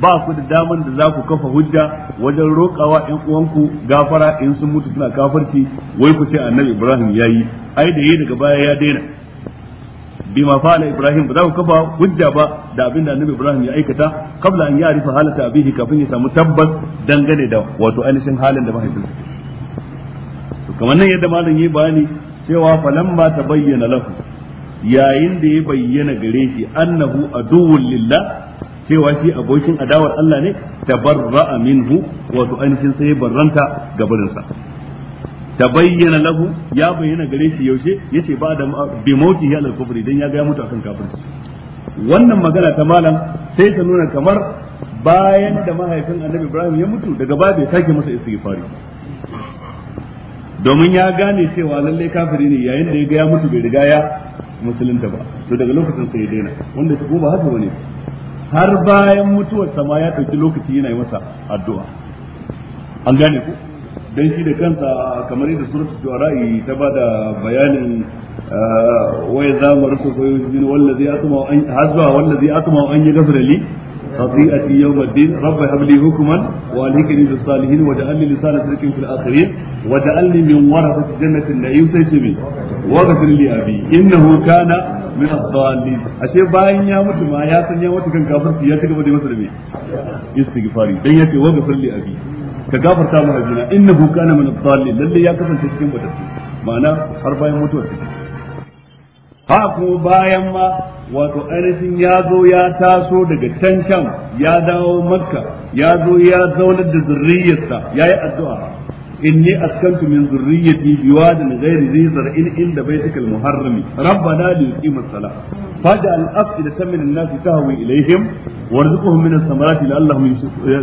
ba ku da daman da za ku kafa hujja wajen roƙawa ƴan uwanku gafara in sun mutu suna kafirci wai ku ce annabi Ibrahim yayi ai da yayi daga baya ya daina bima fa'ala ibrahim ba za ku kafa hujja ba da abin da annabi ibrahim ya aikata kabla an arifa halata abihi kafin ya samu tabbas dangane da wato ainihin halin da mahaifinsa to kamar nan yadda malam yi bayani cewa ba tabayyana lahu yayin da ya bayyana gare shi annahu aduwwul lillah cewa shi abokin adawar Allah ne tabarra'a minhu wato ainihin sai barranta gabarinsa tabayyana lahu ya bayyana gare shi yaushe yace ba da bi mauti ya al kufri dan ya ga mutu akan kafirci wannan magana ta malam sai ta nuna kamar bayan da mahaifin annabi Ibrahim ya mutu daga ba bai sake masa istighfari domin ya gane cewa lallai kafiri ne yayin da ya ga ya mutu bai riga ya musulunta ba to daga lokacin sai ya daina wanda su ba haka bane har bayan mutuwar sama ya ɗauki lokaci yana yi masa addu'a an gane ku dan shi da kansa kamar yadda suratul shu'ara'i ta bada bayanin uh, wa idza marsu fa yujin wallazi atma an hazwa wallazi atma an yaghfir li خطيئتي يوم salihin رب هب لي حكما والهكني بالصالحين واجعل لي لسان صدق في الاخرين واجعلني من ورثة جنة النعيم سيتمي واغفر لي ابي انه min من الضالين ashe bayan ya mutu ma ya san ya mutu kan kafirci ya ci gaba da masa da me istighfari dan yace waghfir li abi ka gafarta mana juna hu kana min ad lalle ya kasance cikin mutunci ma'ana har bayan mutuwar sa ha kuma bayan ma wato ainihin ya zo ya taso daga can ya dawo makka ya zo ya zaunar da zurriyarsa yayi addu'a inni askantu min zurriyyati biwadin ghairi dhi zar'in inda baytikal muharrami rabbana liqimus salah faj'al afidatan min an-nasi tahwi ilayhim warzuqhum min ath-thamarati la'allahum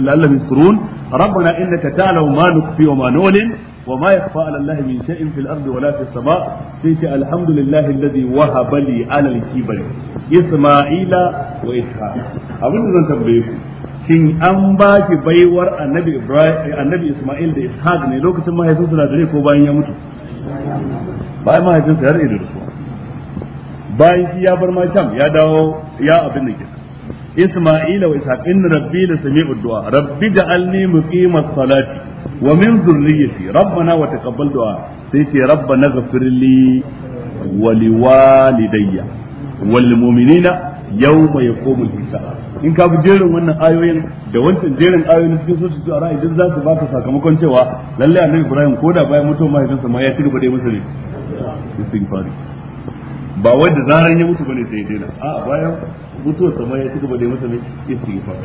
la'allahum yashkurun rabbana innaka ta'lamu ma nukhfi wa ma nu'lin وما يخفى على الله من شيء في الأرض ولا في السماء فيك الحمد لله الذي وهب لي على الكبر إسماعيل وإسحاق أبن زن تنبيه shin an ba ki baiwar annabi ibrahim annabi isma'il da ishaq ne lokacin mahaifinsa na dare ko bayan ya mutu bayan mahaifinsa ya rage da rasuwa bayan shi ya bar masham ya dawo ya abin da ke isma'ila wa ishaq inna rabbi la sami'u du'a rabbi ja'alni muqimas salati wa min dhurriyyati rabbana wa taqabbal du'a sai ce rabbana ghfir li wa liwalidayya wal mu'minina yawma yaqumul hisab in ka bi jerin wannan ayoyin da wancan jerin ayoyin cikin su a shu'ara idan za su baka sakamakon cewa lalle annabi Ibrahim ko da bayan mutuwar mahaifinsa ma ya cigaba da yi masa ne istighfari ba wai da zaran ya mutu bane sai ya na a bayan mutuwar sa ma ya cigaba da yi masa ne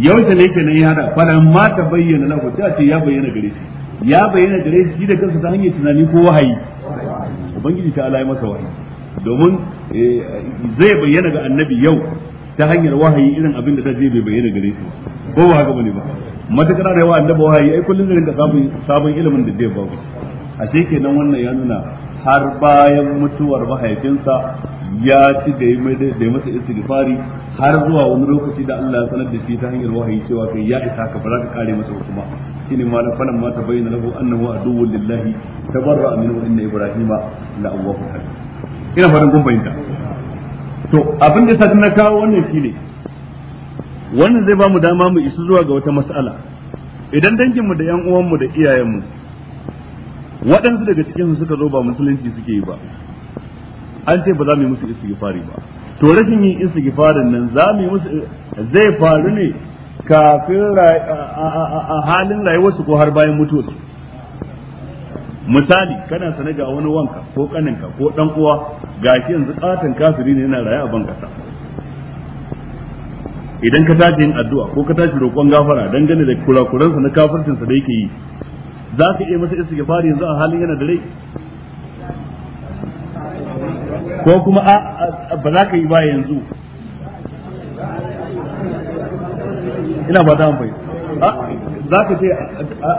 Yau ta ne kenan ya da fara ma ta bayyana lahu ta ce ya bayyana gare shi ya bayyana gare shi da kansa ta hanyar tunani ko wahayi ubangiji ta Alayi masa wahayi domin zai bayyana ga annabi yau ta hanyar wahayi irin abin da ta zai bayyana gare shi ko ba haka bane ba matakar da yawa annabi wahayi ai kullun da rinka sabon ilimin da zai ba ku a sai kenan wannan ya nuna har bayan mutuwar mahaifinsa ya ci da ya mai da masa istighfari har zuwa wani lokaci da Allah ya sanar da shi ta hanyar wahayi cewa kai ya isa ka ba za ka kare masa hukuma shine ma falan ma tabayyana lahu annahu aduwwul lillahi tabarra minhu inna ibrahima la awwahun ina fatan kun fahimta to abin da na kawo wannan shine wannan zai ba mu dama mu isu zuwa ga wata mas'ala idan danginmu da 'yan uwanmu da iyayenmu waɗansu daga cikinsu suka zo ba musulunci suke yi ba an ce ba za mu yi musu istighfari ba to rashin yin istighfarin nan za mu yi musu zai faru ne kafin a halin rayuwarsu ko har bayan mutuwarsu misali kana sane ga wani wanka ko kaninka ko dan uwa gashi yanzu katon kafiri ne yana raye a ban kasa idan ka tashi yin addu'a ko ka tashi roƙon gafara dangane da kurakuransa na kafircinsa da yake yi za ka iya masa gafari yanzu a halin yana da rai ko kuma a ba za ka yi ba yanzu ina ba da amfani za ka ce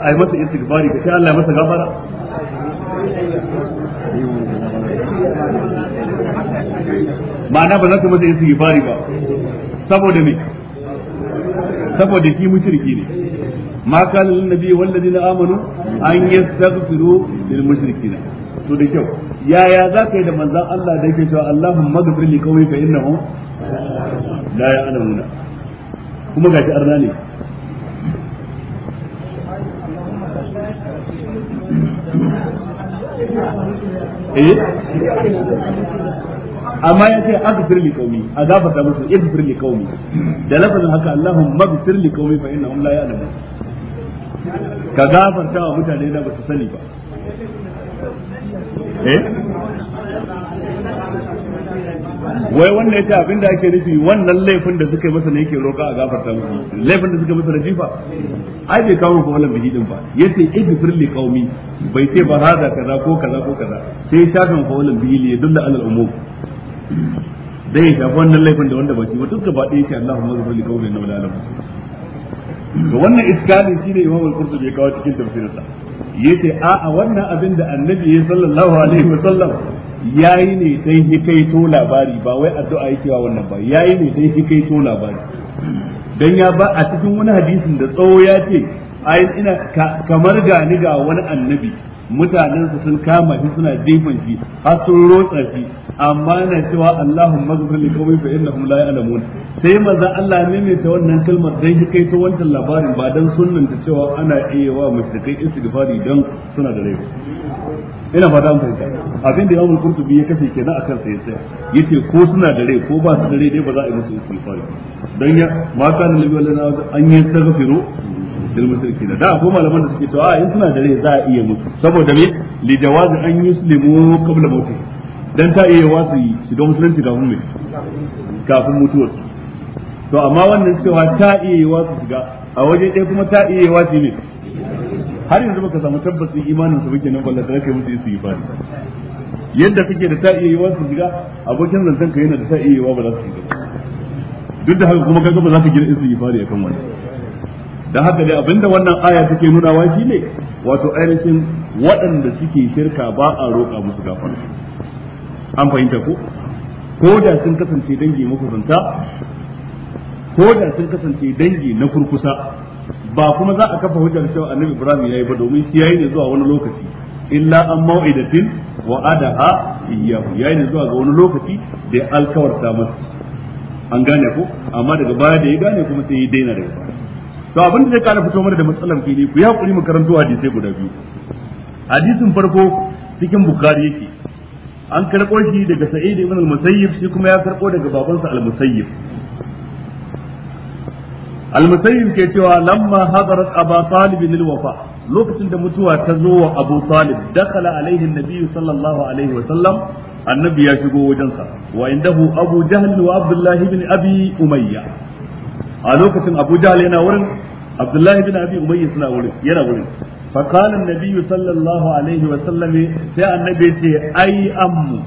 a yi masa gafari ka ce Allah ya masa gafara ma'ana ba za su masa bari ba saboda me saboda ki mushriki ne ma kana lin nabi wal ladina amanu an yastaghfiru lil mushrikin to da kyau yaya za ka yi da manzan Allah da yake cewa Allahumma ghfir li qawmi fa innahu la ya'lamuna kuma gashi arna ne eh amma ya ce aghfir li qaumi azabata musu ighfir li qaumi da lafazin haka Allahumma ighfir li qaumi fa innahum la ya'lamun ka gafarta wa mutane da ba su sani ba eh wai wanda yace abin da ake nufi wannan laifin da suka yi masa ne yake roƙa a gafarta musu laifin da suka masa da jifa ai bai kawo ko wannan bihi din ba yace igfir li qaumi bai ce ba hada kaza ko kaza ko kaza sai shafin ko wannan bihi ya dulla alal umum dai ya shafi wannan laifin da wanda ba shi ba duk gaba ɗaya ce Allahumma zafir li qawlin na wala to wannan iskali shi ne al-Qurtubi ya kawo cikin tafsirinsa yace a a wannan abin da Annabi ya sallallahu alaihi wa sallam yayi ne dai to labari ba wai addu'a yake wa wannan ba yayi ne dai to labari dan ya ba a cikin wani hadisin da tsawo ya ce ai ina kamar ga ni ga wani annabi mutanensa sun kama shi suna jefan shi har sun rotsa shi amma yana cewa Allahumma ighfir li qaumi fa innahum la ya'lamun sai maza Allah ne ne ta wannan kalmar dan shi kai ta wancan labarin ba dan sunnan ta cewa ana iya wa mushrikai istighfari dan suna da laifi ina fata an fahimta abin da ya al-Qurtubi ya a kenan ya sa Ya yace ko suna da rai ko ba su da rai dai ba za a yi musu istighfari dan ya ma kana lillahi an yi yastaghfiru lil mushrikin da ko malaman da suke to in suna dare za a iya mutu saboda me li jawaz an yuslimu dan ta iya musulunci kafin mutuwar to amma wannan cewa ta iya shiga a waje ɗaya kuma ta iya wasu ne har yanzu baka samu tabbacin imanin su bake nan da kai mutu su yi fari yadda kake da ta iya yi shiga abokin zantanka yana da ta iya yi wa ba za su shiga duk da haka kuma kaga ba za ka gina su yi fari akan wani da haka dai abinda wannan aya take nuna wa shine wato ainihin waɗanda suke shirka ba a roƙa musu gafara an fahimta ko ko da sun kasance dangi makusanta ko da sun kasance dangi na kurkusa ba kuma za a kafa hujjar cewa annabi ibrahim yayi ba domin shi yayi ne zuwa wani lokaci illa an mau'idatin wa adaha iyyahu yayi ne zuwa ga wani lokaci da alkawarta masa an gane ko amma daga baya da ya gane kuma sai ya daina daga baya to abin da zai kana fito mana da matsalan fili ku ya kuri mu karanto guda biyu hadisin farko cikin bukari yake an karɓo shi daga sa'id ibn al-musayyib shi kuma ya karɓo daga babansa al-musayyib al-musayyib ke cewa lamma hadarat aba talib lil wafa lokacin da mutuwa ta zo wa abu talib dakala alaihi nabi sallallahu alaihi wa sallam annabi ya shigo wajensa wa indahu abu jahl wa abdullah ibn abi umayya a lokacin Abu Jahl yana wurin Abdullahi bin Abi Umayy suna wurin yana wurin fa qala an-nabi sallallahu alaihi wa sallam sai annabi ce ai ammu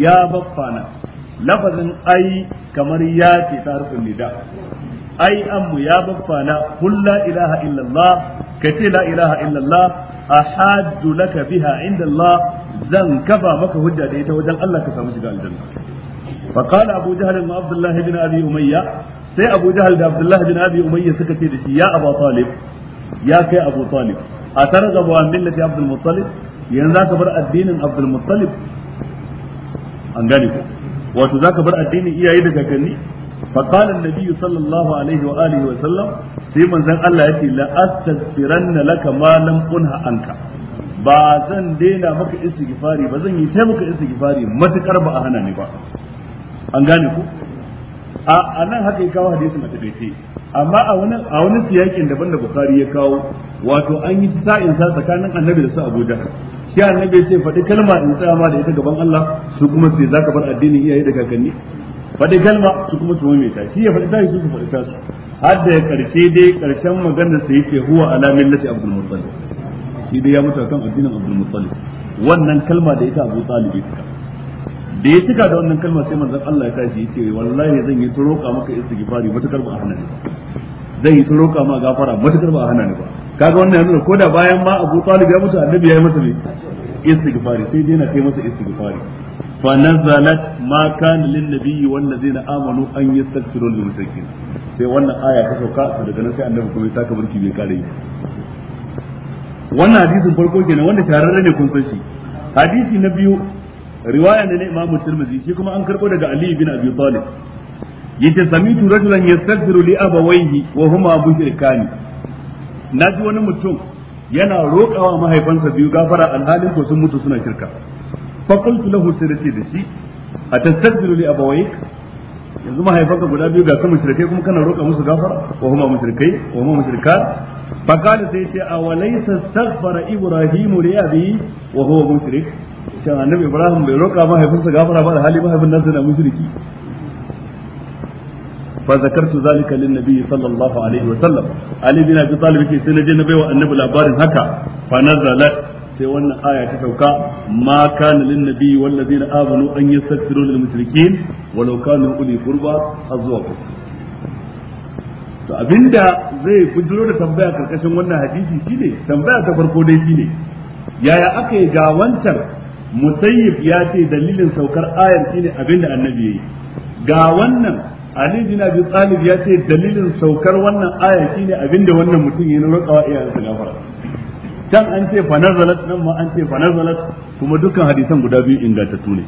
ya baffana lafazin ai kamar ya ce tarifin nida ai ammu ya baffana qul la ilaha illallah kace la ilaha illallah ahaddu laka biha inda Allah zan kafa maka hujja da ita wajen Allah ka samu shiga aljanna فقال أبو جهل وعبد الله بن أبي أمية sai Abu Jahal da Abdullahi bin Abi Umayya suka ce da shi ya Abu Talib ya kai Abu Talib a da wa millati Abdul Muttalib yanzu zaka bar addinin Abdul Muttalib an gane ko wato zaka bar addinin iyaye da kakanni فقال alaihi wa الله عليه وآله وسلم في من ذن الله يتي لأستغفرن لك ما لم أنه عنك ba zan daina maka istighfari ba zan yi sai maka istighfari matukar ba a hana ni ba an gane ku a nan haka ya kawo hadisin a takaice amma a wani a wani siyakin daban da bukari ya kawo wato an yi sa'in sa tsakanin annabi da su Abu shi annabi sai ce faɗi kalma in tsaya ma da ita gaban Allah su kuma sai zaka bar addinin iyaye da kakanni faɗi kalma su kuma su maimaita shi ya faɗi ta su faɗi ta su har da karshe dai karshen maganar sai yake huwa ala millati Abdul Muttalib shi dai ya mutu kan addinin Abdul Muttalib wannan kalma da ita Abu Talib ta da ya cika da wannan kalma sai manzon Allah ya tashi yace wallahi zan yi ta roƙa maka istighfari matakar ba a hana ni zan yi ta roƙa ma gafara matakar ba a hana ni ba kaga wannan yanzu ko da bayan ma Abu Talib ya mutu annabi ya yi masa istighfari sai dai na kai masa istighfari fa nazalat ma kana lin nabiyyi wal ladina amanu an yastaghfiru lil mutakin sai wannan aya ta sauka daga nan sai annabi kuma ya taka burki bai kare wannan hadisin farko kenan wanda tararre ne kun san shi hadisi na biyu riwaya ne na Imam Tirmidhi shi kuma an karbo daga Ali bin Abi Talib yace samitu rajulan yastaghfiru li abawayhi wa huma mushrikani naji wani mutum yana roƙawa mahaifansa biyu gafara alhalin ko sun mutu suna shirka fa qultu lahu sirati da shi a tastaghfiru li abawayk yanzu mahaifanka guda biyu ga kuma mushrikai kuma kana roƙa musu gafara wa huma mushrikai wa huma mushrikan fa qala sai ce awalaysa astaghfara ibrahimu li abi wa huwa mushrik shin annabi ibrahim bai roƙa mahaifinsa gafara ba da hali mahaifin nan na mushriki fa zakartu zalika lin nabi sallallahu alaihi wa sallam ali bin abi talib yake sai naje na baiwa annabi labarin haka fa nazalat sai wannan aya ta sauka ma kana lin nabi wal ladina amanu an yastaghfiru lil mushrikeen walau kanu uli qurba azwa to abinda zai bujiro da tambaya karkashin wannan hadisi shine tambaya ta farko dai shine yaya aka yi ga musayyib ya ce dalilin saukar ayar shine da annabi yayi ga wannan Ali bin Abi Talib ya ce dalilin saukar wannan aya shine da wannan mutum ya roƙawa iyayensa gafara dan an ce fa nazalat nan ma an ce fa nazalat kuma dukkan hadisan guda biyu ingantattu ne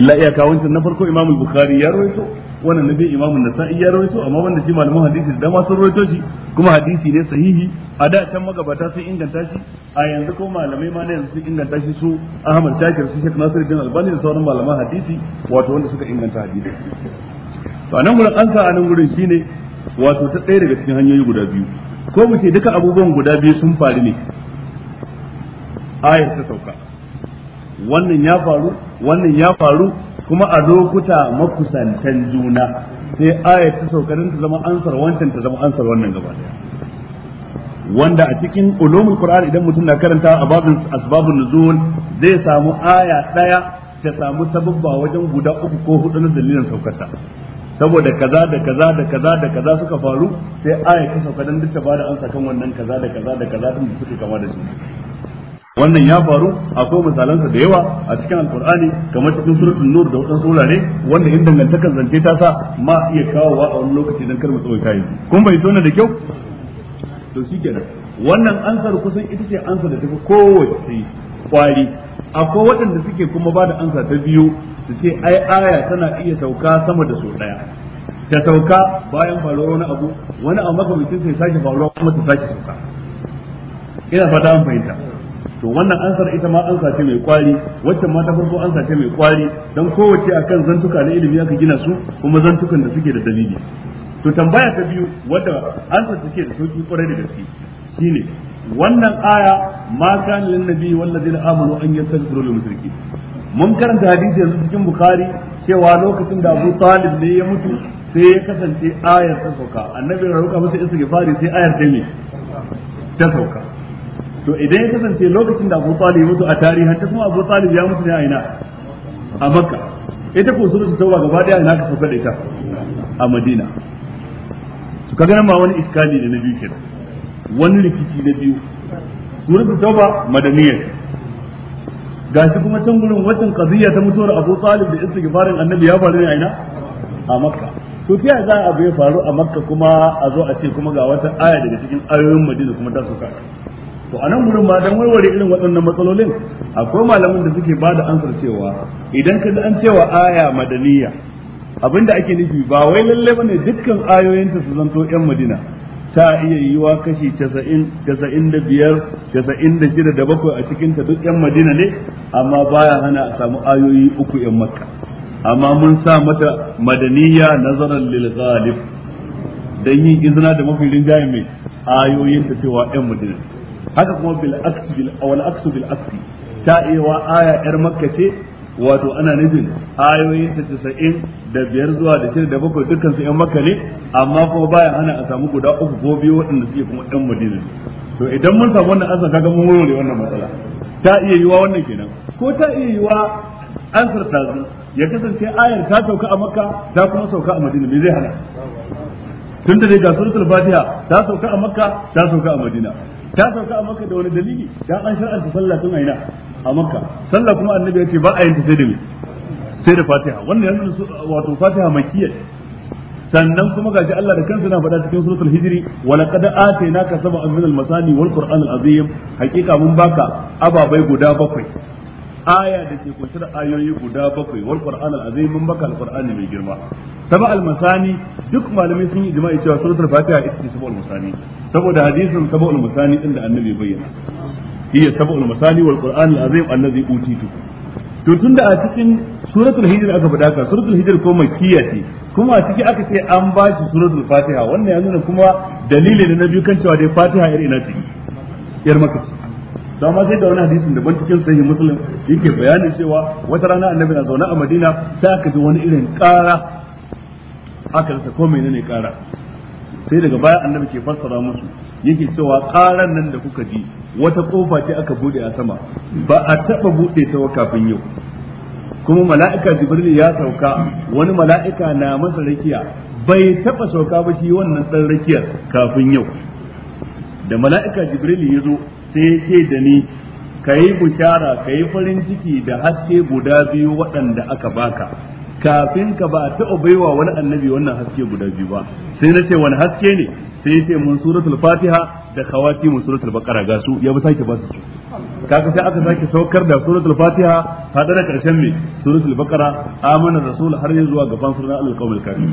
illa iyaka wancan na farko imamul Bukhari ya rawaito wannan nabi imamun sa'i ya rawaito amma wanda shi malamin hadisi da ma sun rawaito shi kuma hadisi ne sahihi a da can magabata sun inganta shi a yanzu ko malamai ma na yanzu sun inganta shi su Ahmad Shakir su Sheikh bin Albani da sauran malaman hadisi wato wanda suka inganta hadisi to anan gurin an sa anan gurin shine wato ta ɗaya daga cikin hanyoyi guda biyu ko mu ce duka abubuwan guda biyu sun faru ne ayar ta sauka wannan ya faru wannan ya faru kuma a lokuta makusantan juna sai aya ta saukarin ta zama ansar wancan ta zama ansar wannan gaba wanda a cikin ulumul qur'an idan mutum na karanta a babin asbabun nuzul zai samu aya daya ta samu sababba wajen guda uku ko hudu na dalilin saukarta saboda kaza da kaza da kaza da kaza suka faru sai aya ta sauka dan duk ta bada ansa kan wannan kaza da kaza da kaza din da suke kama da shi wannan ya faru akwai misalansa da yawa a cikin alkur'ani kamar cikin suratul nur da wadansu wurare wanda in dangantakar zance ta sa ma iya kawowa a wani lokaci dan kar mu tsawai kun bai tona da kyau to shikenan wannan ansar kusan ita ce ansar da tafi kowace kwari akwai waɗanda suke kuma ba da ansa ta biyu su ce ai aya tana iya sauka sama da sau ɗaya ta sauka bayan faruwar wani abu wani a makamancin sai sake faruwa kuma ta sake sauka ina fata an fahimta to wannan ansar ita ma ansa ce mai kwari wacce ma ta farko ansa ce mai kwari dan kowace akan zantuka na ilimi aka gina su kuma zantukan da suke da dalili to tambaya ta biyu wadda ansa take da sauki kwarai da gaske shine wannan aya ma kana lin nabi wal ladina amanu an yastaghfiru lil mushrikeen mun karanta hadisi yanzu cikin bukhari cewa lokacin da abu talib ne ya mutu sai ya kasance ayar ta sauka annabi ya roƙa masa istighfari sai ayar ta ne ta sauka to idan ya kasance lokacin da Abu Talib mutu a tarihin ta kuma Abu Talib ya mutu ne a ina a Makka ita ko suratul tauba gaba daya ina ka sauka da ita a Madina to kaga nan ma wani iskali ne na biyu kenan wani rikici na biyu suratul tauba Ga gashi kuma can gurin wancan qadiyya ta mutuwar Abu Talib da istighfarin Annabi ya faru ne a ina a Makka to kiyaye za a bai faru a Makka kuma a zo a ce kuma ga wata aya daga cikin ayoyin Madina kuma ta sauka to anan gurin ba dan warware irin waɗannan matsalolin akwai malamin da suke bada ansar cewa idan ka an cewa aya madaniya abinda ake nufi ba wai lalle bane dukkan ayoyinta su zanto yan madina ta iya yiwa kashi 90 95 96 da bakwai a cikin ta duk yan Madina ne amma baya hana a samu ayoyi uku yan Makka amma mun sa mata madaniya nazaran lil ghalib dan yin izina da mafi rinjaye mai ayoyin ta cewa yan Madina haka kuma bil aksi bil awal aksu bil aksi ta wa aya yar makka ce wato ana nufin ayoyin ta 90 da biyar zuwa da shirin da bakwai dukkan su yan makka ne amma kuma baya hana a samu guda uku ko biyu waɗanda suke kuma yan madina to idan mun samu wannan asa kaga mun warware wannan matsala ta iya yiwa wannan kenan ko ta iya yiwa an sarta ya kasance ayar ta sauka a makka ta kuma sauka a madina me zai hana tun da dai ga suratul fatiha ta sauka a makka ta sauka a madina ta sauka a makka da wani dalili dan an shar'anta sallah tun aina a makka sallah kuma annabi ya ce ba a yin ta sai da sai da fatiha wannan yanzu wato fatiha makkiyya sannan kuma gaji Allah da kansa na faɗa cikin suratul hijri wa laqad atainaka sab'an min al-masani wal qur'an al-azim hakika mun baka ababai guda bakwai aya da ke kunshe da ayoyi guda bakwai wal qur'an al-azim mun baka al-qur'ani mai girma sab'al masani duk malamai sun yi ijma'i cewa suratul fatiha ita ce sab'al masani saboda hadisin sab'ul masani din da annabi bayyana hiya al masani wal qur'an al azim allazi utitu to tunda a cikin suratul hijr aka faɗa ka suratul hijr ko makkiya ce kuma a ciki aka ce an ba shi suratul fatiha wannan ya nuna kuma dalilin na biyu kan cewa dai fatiha yar ina ce yar maka ce sai da wani hadisin da ban cikin sahih muslim yake bayanin cewa wata rana annabi na zaune a madina sai aka ji wani irin ƙara aka rasa ko menene ƙara sai daga baya annabi ke fassara musu yake cewa karan nan da kuka ji wata kofa ce aka bude a sama ba a taba bude ta wa kafin yau kuma mala'ika jibril ya sauka wani mala'ika na masa rakiya bai taba sauka ba shi wannan dan rakiyar kafin yau da mala'ika jibril ya zo sai ya da ni ka yi bushara ka farin ciki da haske guda biyu waɗanda aka baka kafin ka ba taɓa baiwa wani annabi wannan haske guda biyu ba sai na ce wani haske ne sai ce mun suratul fatiha da khawati mun suratul baqara ga su ya bi sake ba su kaga sai aka sake saukar da suratul fatiha hada da karshen me suratul baqara amana rasul har yanzu zuwa gaban sunan alqaumul karim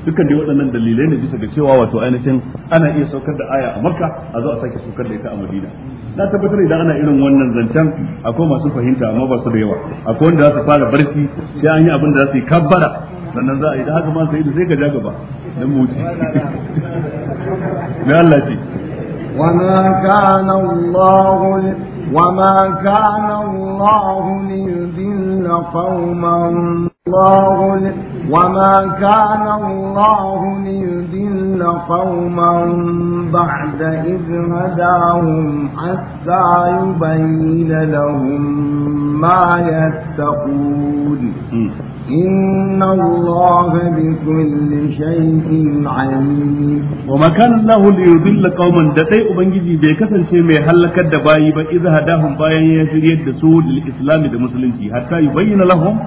dukkan dai waɗannan dalilai ne bisa ga cewa wato ainihin ana iya saukar da aya a makka a zo a sake saukar da ita a madina na tabbatar idan ana irin wannan zancen akwai masu fahimta amma ba su da yawa akwai wanda za su fara barci sai an yi abin da za su yi kabbara sannan za a yi da haka ma sai da sai ka ja gaba dan mutu وما كان الله وما كان الله ليذل قوما الله وما كان الله ليذل قوما بعد إذ هداهم حتى يبين لهم ما يتقون إن الله بكل شيء عليم وما كان الله ليضل قوما دتي ubangiji bai kasance mai halakar da bayi ba idza hadahum bayan ya shiryar da su lil islam da musulunci hatta bayyana lahum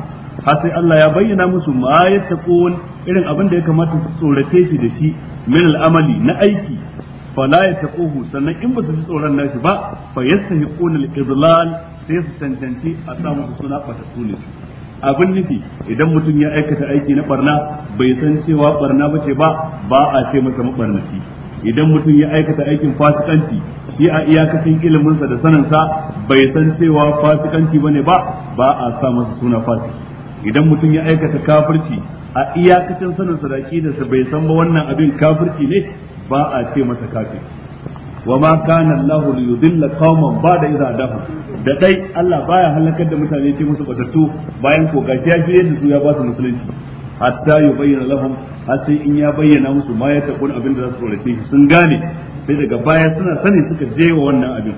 har sai Allah ya bayyana musu ma yattaqun irin abin da ya kamata su tsorace shi da shi min al'amali na aiki fala yattaquhu sannan in ba su ji tsoron nashi ba fa yastahiquna al-idlal sai su tantance a samu suna batattu ne abin nufi idan mutum ya aikata aiki na barna bai san cewa barna bace ba ba a ce masa mabarnaci idan mutum ya aikata aikin fasikanci shi a iyakacin iliminsa da sanansa bai san cewa fasikanci ne ba ba a sa masa suna fasiki idan mutum ya aikata kafirci a iyakacin sanin sadaki da sa bai san ba wannan abin kafirci ne ba a ce masa kafirci wa ma kana Allah li yudilla qauman ba'da da dai Allah baya halakar da mutane ke musu batattu bayan ko gashi ya shirye da su ya ba su musulunci hatta yubayyana lahum har sai in ya bayyana musu ma ya takun abin da za su tsorace sun gane sai daga baya suna sani suka je wa wannan abin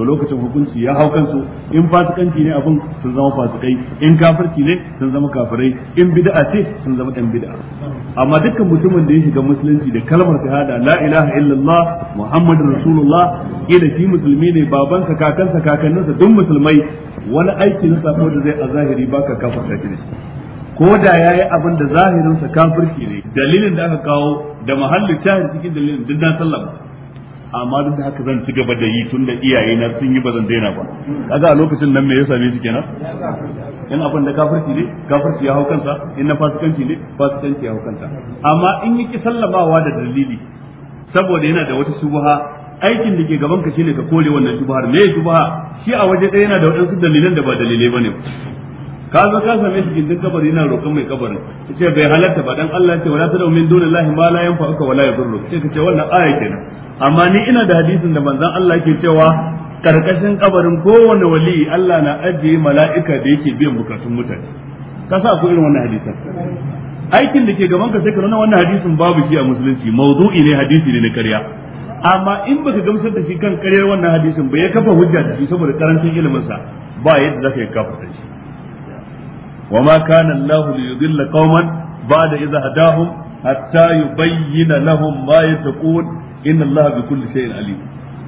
to lokacin hukunci ya hau kansu in fasikanci ne abin sun zama fasikai in kafirci ne sun zama kafirai in bid'a ce sun zama ɗan bid'a amma dukkan mutumin da ya shiga musulunci da kalmar shahada la ilaha illallah muhammadur rasulullah kila shi musulmi ne babansa kakansa kakanninsa duk musulmai wani aiki na sako da zai a zahiri baka kafa da ko da yayi abin da zahirinsa kafirci ne dalilin da aka kawo da mahallin shahid cikin dalilin duk na sallama amma duk da haka zan ci gaba da yi tun da iyaye na sun yi bazan daina ba kaga a lokacin nan me ya same shi kenan in abin da kafirci ne kafirci ya hau kansa in na fasikanci ne fasikanci ya hau kansa amma in yake sallamawa da dalili saboda yana da wata shubuha aikin da ke gaban ka shine ka kore wannan shubuhar me shubuha shi a waje ɗaya yana da wadansu dalilan da ba dalilai bane ka zo ka same shi gindin kabari yana roƙon mai kabarin ce bai halatta ba dan Allah ce wala tadu min dunillahi ma la yanfa'uka wala yadurru ce ka ce wannan aya kenan amma ni ina da hadisin da manzon Allah ke cewa karkashin kabarin kowane wali Allah na ajiye mala'ika da yake biyan bukatun mutane ka sa ku irin wannan hadisin aikin da ke gaban ka sai ka nuna wannan hadisin babu shi a musulunci mawdu'i ne hadisi ne na ƙarya amma in baka gamsar da shi kan karyar wannan hadisin ba ya kafa hujja da shi saboda karancin ilimin sa ba yadda zaka yi kafa da shi وما كان الله ليضل قوما بعد إذا هداهم حتى يبين لهم ما يتقون إن الله بكل شيء عليم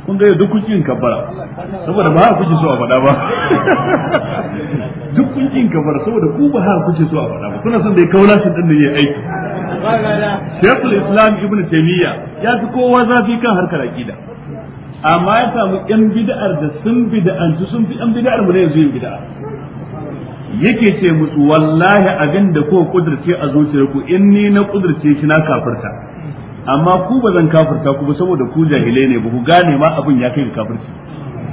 kun ga duk kuncin kabbara saboda ba har kuke so a faɗa ba duk kuncin kabbara saboda ku ba har kuke so a faɗa ba kuna son da ya kaula shi din da yayi aiki Sheikhul Islam Ibn Taymiyyah ya fi kowa zafi kan harkar aqida amma ya samu yan bid'ar da sun bid'antu sun fi yan bid'ar mu ne yanzu yin bid'a yake ce musu wallahi abin da ko kudurce a ku. in ni na kudurce shi na kafirta amma ku ba zan kafirta ku ba saboda ku jahilai ne ba ku gane ma abin ya kai kafirci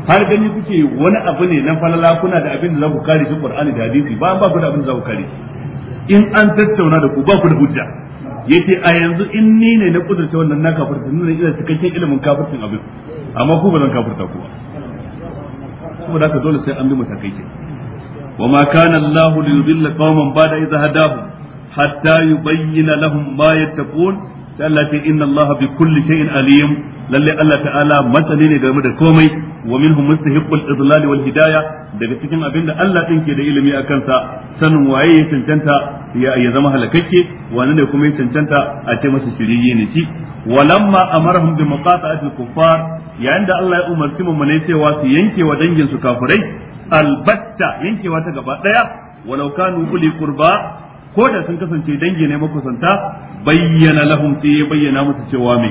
har gani kuke wani abu ne na falala kuna da abin da za ku kare shi Qur'ani da hadisi ba ba ku da abin da za ku kare in an tattauna da ku ba ku da hujja yace a yanzu in ni ne na kudurce wannan na kafirta nuna ina cikakken ilimin kafircin abin amma ku ba zan kafirta ku ba saboda haka dole sai an bi matakai kenan وما كان الله ليضل قوما بعد إذا هداهم bayyana يبين لهم ما يتقون التي إن الله بكل شيء عليم lalle Allah ta'ala masani ne game da komai wa minhum mustahiqqul idlal wal Hidaya daga cikin abinda Allah din ke da ilimi a kansa sanin waye ya cancanta ya zama halakakke wani ne kuma ya cancanta a ce masa shiriyi ne shi walamma amarahum bi muqata'ati al-kuffar yayin da Allah ya umarci mu ne cewa su yanke wa dangin su kafirai albatta yankewa ta gaba ɗaya. Walauka kanu kuli kurba ko da sun kasance dangi ne makusanta bayyana lahum sai ya bayyana musu cewa na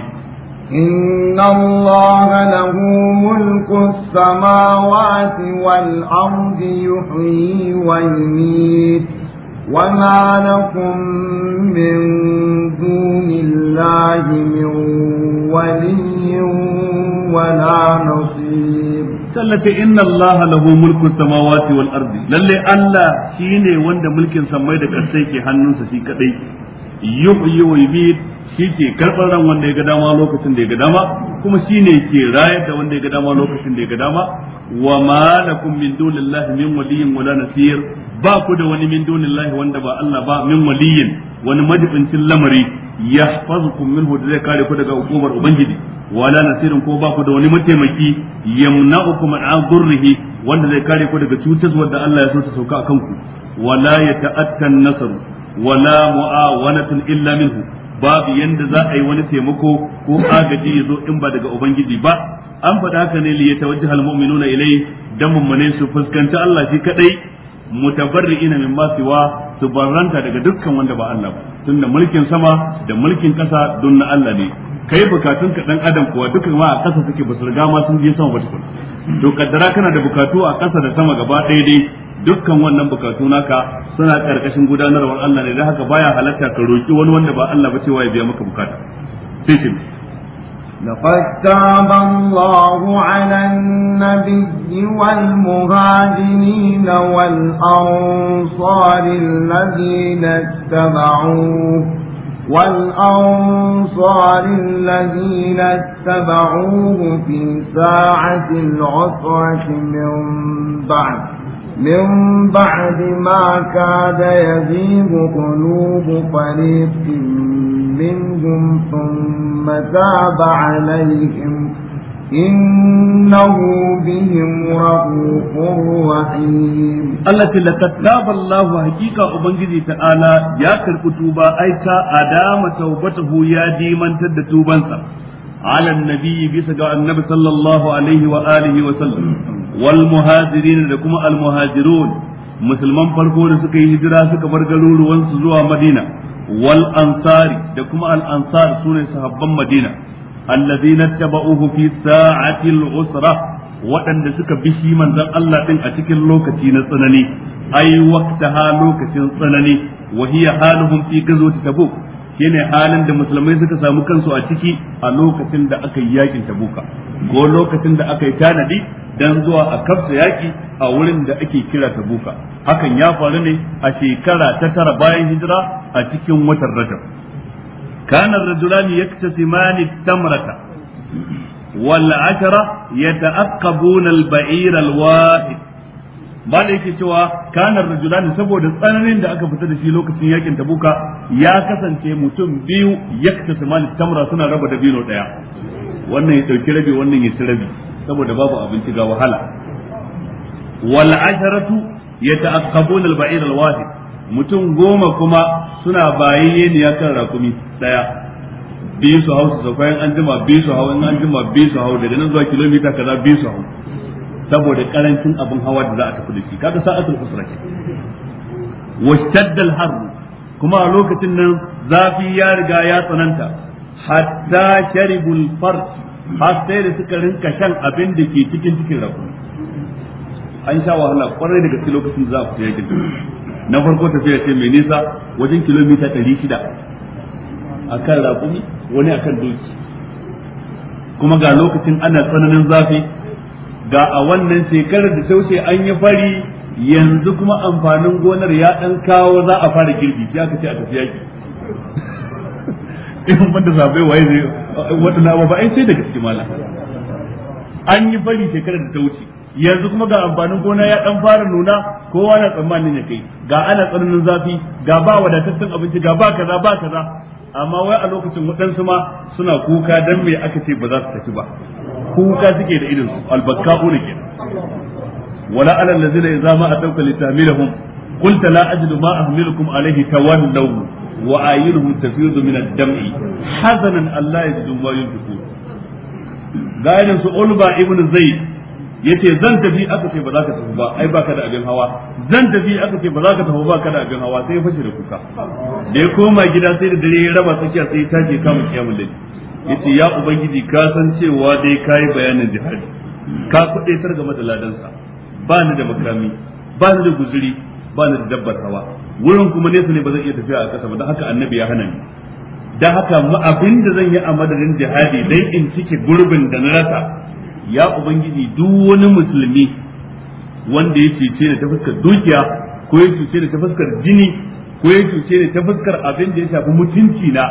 inna allaha lahu mulku samawati wal ardi yuhyi wa yumit wama lakum min dunillahi min waliyyin wala nasir sallata inna allaha lahu mulku samawati wal ardi lalle allah shine wanda mulkin samai da kasai ke hannunsa shi kadai yuhyi wa yumit shi ke karɓar ran wanda ya ga dama lokacin da ya ga dama kuma shi ne ke rayar da wanda ya ga dama lokacin da ya ga dama wa ma lakum min dunillahi min waliyyin wala nasir ba ku da wani min dunillahi wanda ba Allah ba min waliyyin wani majibincin lamari yahfazukum minhu da zai kare ku daga hukumar ubangiji wala nasirin ko ba ku da wani mataimaki yamna'ukum an durrihi wanda zai kare ku daga cutar da Allah ya so ta sauka akan ku wala yata'attan nasr wala mu'awanatun illa minhu babu yanda za a yi wani taimako ko agaji ya zo in ba daga ubangiji ba an faɗa haka ne li yatawajjaha almu'minuna ilayhi dan mummune su fuskanci Allah shi kadai mutabarri'ina ma siwa su baranta daga dukkan wanda ba Allah ba tunda mulkin sama da mulkin kasa don na Allah ne kai bukatun ka dan adam kuwa dukkan ma a kasa suke basu riga ma sun je sama ba tukun to kaddara kana da bukatu a kasa da sama gaba ɗaya dai dukkan wannan bukatu naka suna karkashin gudanarwar Allah ne da haka baya halatta ka roki wani wanda ba Allah ba cewa ya biya maka bukata sai لقد تاب الله على النبي والمهاجرين والأنصار الذين اتبعوه والأنصار الذين اتبعوه في ساعة العسرة من بعد من بعد ما كاد يزيغ قلوب فريق منهم ثم تاب عليهم إنه بهم رؤوف رحيم التي لتتاب الله حقيقة أبنجي تعالى يا كالكتوبة أيكا أدام توبته يا ديما تد توبانسا على النبي بسجع النبي صلى الله عليه وآله وسلم wal muhajirin da kuma al muhajirun musulman farko da suka yi hijira suka bar garuruwan su zuwa madina wal ansari da kuma al ansar sune sahabban madina allazina tabauhu fi sa'ati al usra waɗanda suka bi shi manzon Allah ɗin a cikin lokaci na tsanani ai waqtaha lokacin tsanani wa hiya haluhum fi ghazwati tabuk shine halin da musulmai suka samu kansu a ciki a lokacin da aka yi yakin tabuka ko lokacin da aka yi tanadi dan zuwa a kafsa yaki a wurin da ake kira tabuka hakan ya faru ne a shekara ta tara bayan hijira a cikin watan rajab kana rajulani yaktasimani tamrata wal ashara yata'aqqabuna al ba'ir al wahid bala yake cewa kanar rajulani saboda tsananin da aka fita da shi lokacin yakin tabuka ya kasance mutum biyu yaktasimani tamra suna raba dabino daya wannan ya dauki rabi wannan ya ci rabi saboda babu abinci ga wahala wal asharatu yata'aqqabuna al-ba'ir al-wahid mutum goma kuma suna bayaye ne ya kan rakumi daya biyu su hau su an jima biyu su hau in an jima biyu su hau daga nan zuwa kilomita kaza bi su hau saboda karancin abin hawa da za a tafi da shi kaga sa'atul usra ke washtadda al kuma a lokacin nan zafi ya riga ya tsananta hatta sharibul fars har sai da suka rinka shan abin da ke cikin cikin rafu an sha wahala kwarai daga cikin lokacin da za ku fita yakin na farko tafiya ce mai nisa wajen kilomita 600 kan raƙumi wani a kan doki kuma ga lokacin ana tsananin zafi ga a wannan shekarar da taushe an yi fari yanzu kuma amfanin gonar ya dan kawo za a fara girbi sai aka ce a tafi yaki in banda zabe waye zai waɗanda ba ai sai daga gaske mala an yi fari shekarar da ta wuce yanzu kuma ga amfanin gona ya dan fara nuna kowa na tsammanin ya kai ga ana tsananin zafi ga ba wadatattun abinci ga ba kaza ba kaza amma wai a lokacin waɗansu ma suna kuka dan me aka ce ba za su tafi ba kuka suke da irin su albakka ne ke wala alal allazina idza ma atawka litamilahum قلت la ajidu ma ta alayhi تولوا wa تفيض من الدمع حزنا الله hazanan Allah yajidu ma yunfiqun gaidan su ulba yace zan tafi aka ce ba za ka tafi ba ai baka da abin hawa zan tafi aka ce ba za ka tafi ba ka da abin hawa sai ya fashe da kuka da ya koma gida sai da dare ya raba tsakiya sai ya tashi kama kiyamul Ya yace ya ubangiji ka san cewa dai kai bayanin jihadi ka kudaitar sarga da ba ni da makami ba ni da guzuri ba ni da dabbar hawa wurin kuma nesa ne ba zan iya tafiya a ƙasa ba don haka annabi ya hana ni da haka mu abin da zan yi a madadin jihadi dai in cike gurbin da na rasa ya ubangiji duk wani musulmi wanda ya cece ni ta fuskar dukiya ko ya cuce ni ta fuskar jini ko ya cece ni ta fuskar abin da ya shafi mutunci na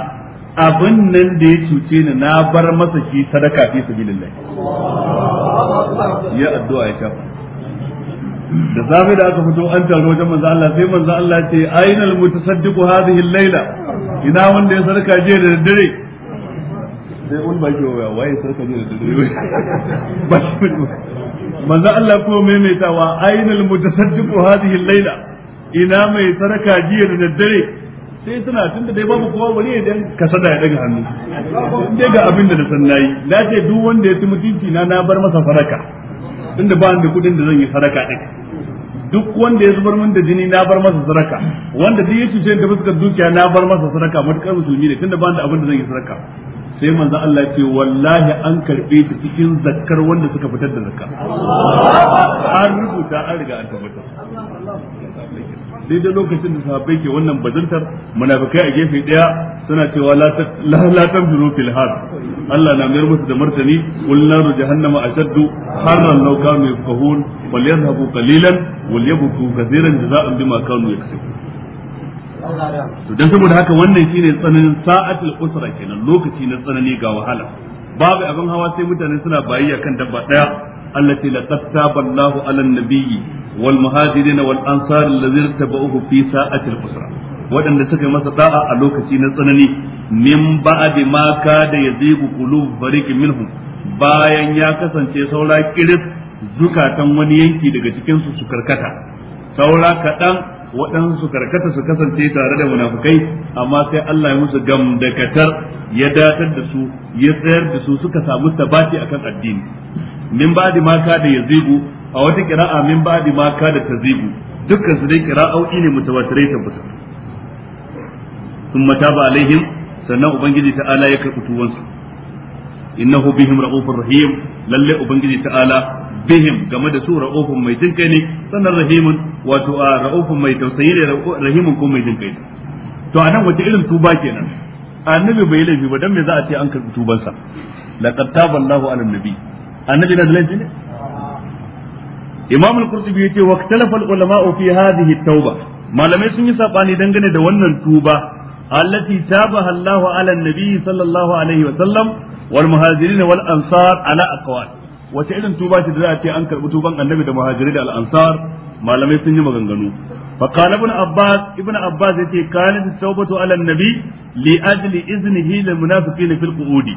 abin nan da ya cuce ni na bar masa shi sadaka fi sabilillah ya addu'a ya shafa da safe da aka fito an taro wajen manzo Allah sai manzo Allah ce ainal mutasaddiqu hadhihi al-laila ina wanda ya sarka je da daddare. sai ul baki wa waye sarka je da daddare?" ba shi manzo Allah ko maimaitawa ainal mutasaddiqu hadhihi al-laila ina mai sarka jiya da daddare. sai suna tun da dai babu kowa wani idan ka sada ya daga hannu dai ga abin da na san nayi na ce duk wanda ya ci mutunci na na bar masa faraka tunda ba da kudin da zan yi sadaka din duk wanda ya zubar min da jini na bar masa sadaka wanda duk ya ce da fuskar dukiya na bar masa sadaka matukar musulmi ne tunda ba da abin da zan yi sadaka sai manzo Allah ya ce wallahi an karbe ta cikin zakkar wanda suka fitar da zakka an rubuta an riga an tabbatar daidai lokacin da sahabbai ke wannan bazantar munafikai a gefe daya suna cewa la la tanfiru fil har Allah na mayar musu da martani qul naru jahannama ashaddu harran law kanu yafqahun wal yadhhabu qalilan wal yabku kathiran jazaan bima kanu yaksibun dan saboda haka wannan shine tsananin sa'atul usra kenan lokaci na tsanani ga wahala babu abin hawa sai mutane suna bayayya kan dabba daya allati laqad taballahu ala nabiyyi والمهاجرين والأنصار الذين اتبعوه في ساعة الأسرة waɗanda suka masa da'a a lokaci na tsanani min ba'di ma kada yazigu qulub fariqin minhum bayan ya kasance saura kiris zukatan wani yanki daga cikin su karkata saura kaɗan waɗansu karkata su kasance tare da munafukai amma sai Allah ya musu gamdakatar ya datar da su ya tsayar da su suka samu tabati kan addini min ba'di ma kada zigu, a wata kira'a min ba'di ma kada tazigu dukkan su dai qira'o'i ne mutawatirai tabbata thumma taba alaihim sannan ubangiji ta'ala ya karɓi tuwansu innahu bihim ra'ufur rahim lalle ubangiji ta'ala bihim game da su ra'ufun mai jin kai ne sannan rahimun wato a ra'ufun mai tausayi ne rahimun ko mai jin kai ne to anan wace irin tuba kenan annabi bai laifi ba dan me za a ce an karɓi tubansa laqad taballahu Allahu 'alan nabi annabi na da laifi ne imam al-qurtubi yace wa ikhtalafa al-ulama fi hadhihi tauba malamai sun yi sabani dangane da wannan tuba allati tabaha Allah ala an-nabi sallallahu alaihi wa sallam wal muhajirin wal ansar ala aqwal wace irin tuba ce da za a ce an karbi tuban annabi da muhajirai da al-ansar malamai sun yi maganganu فقال ابن عباس ابن عباس يتي كانت التوبة على النبي لأجل إذنه للمنافقين في القعود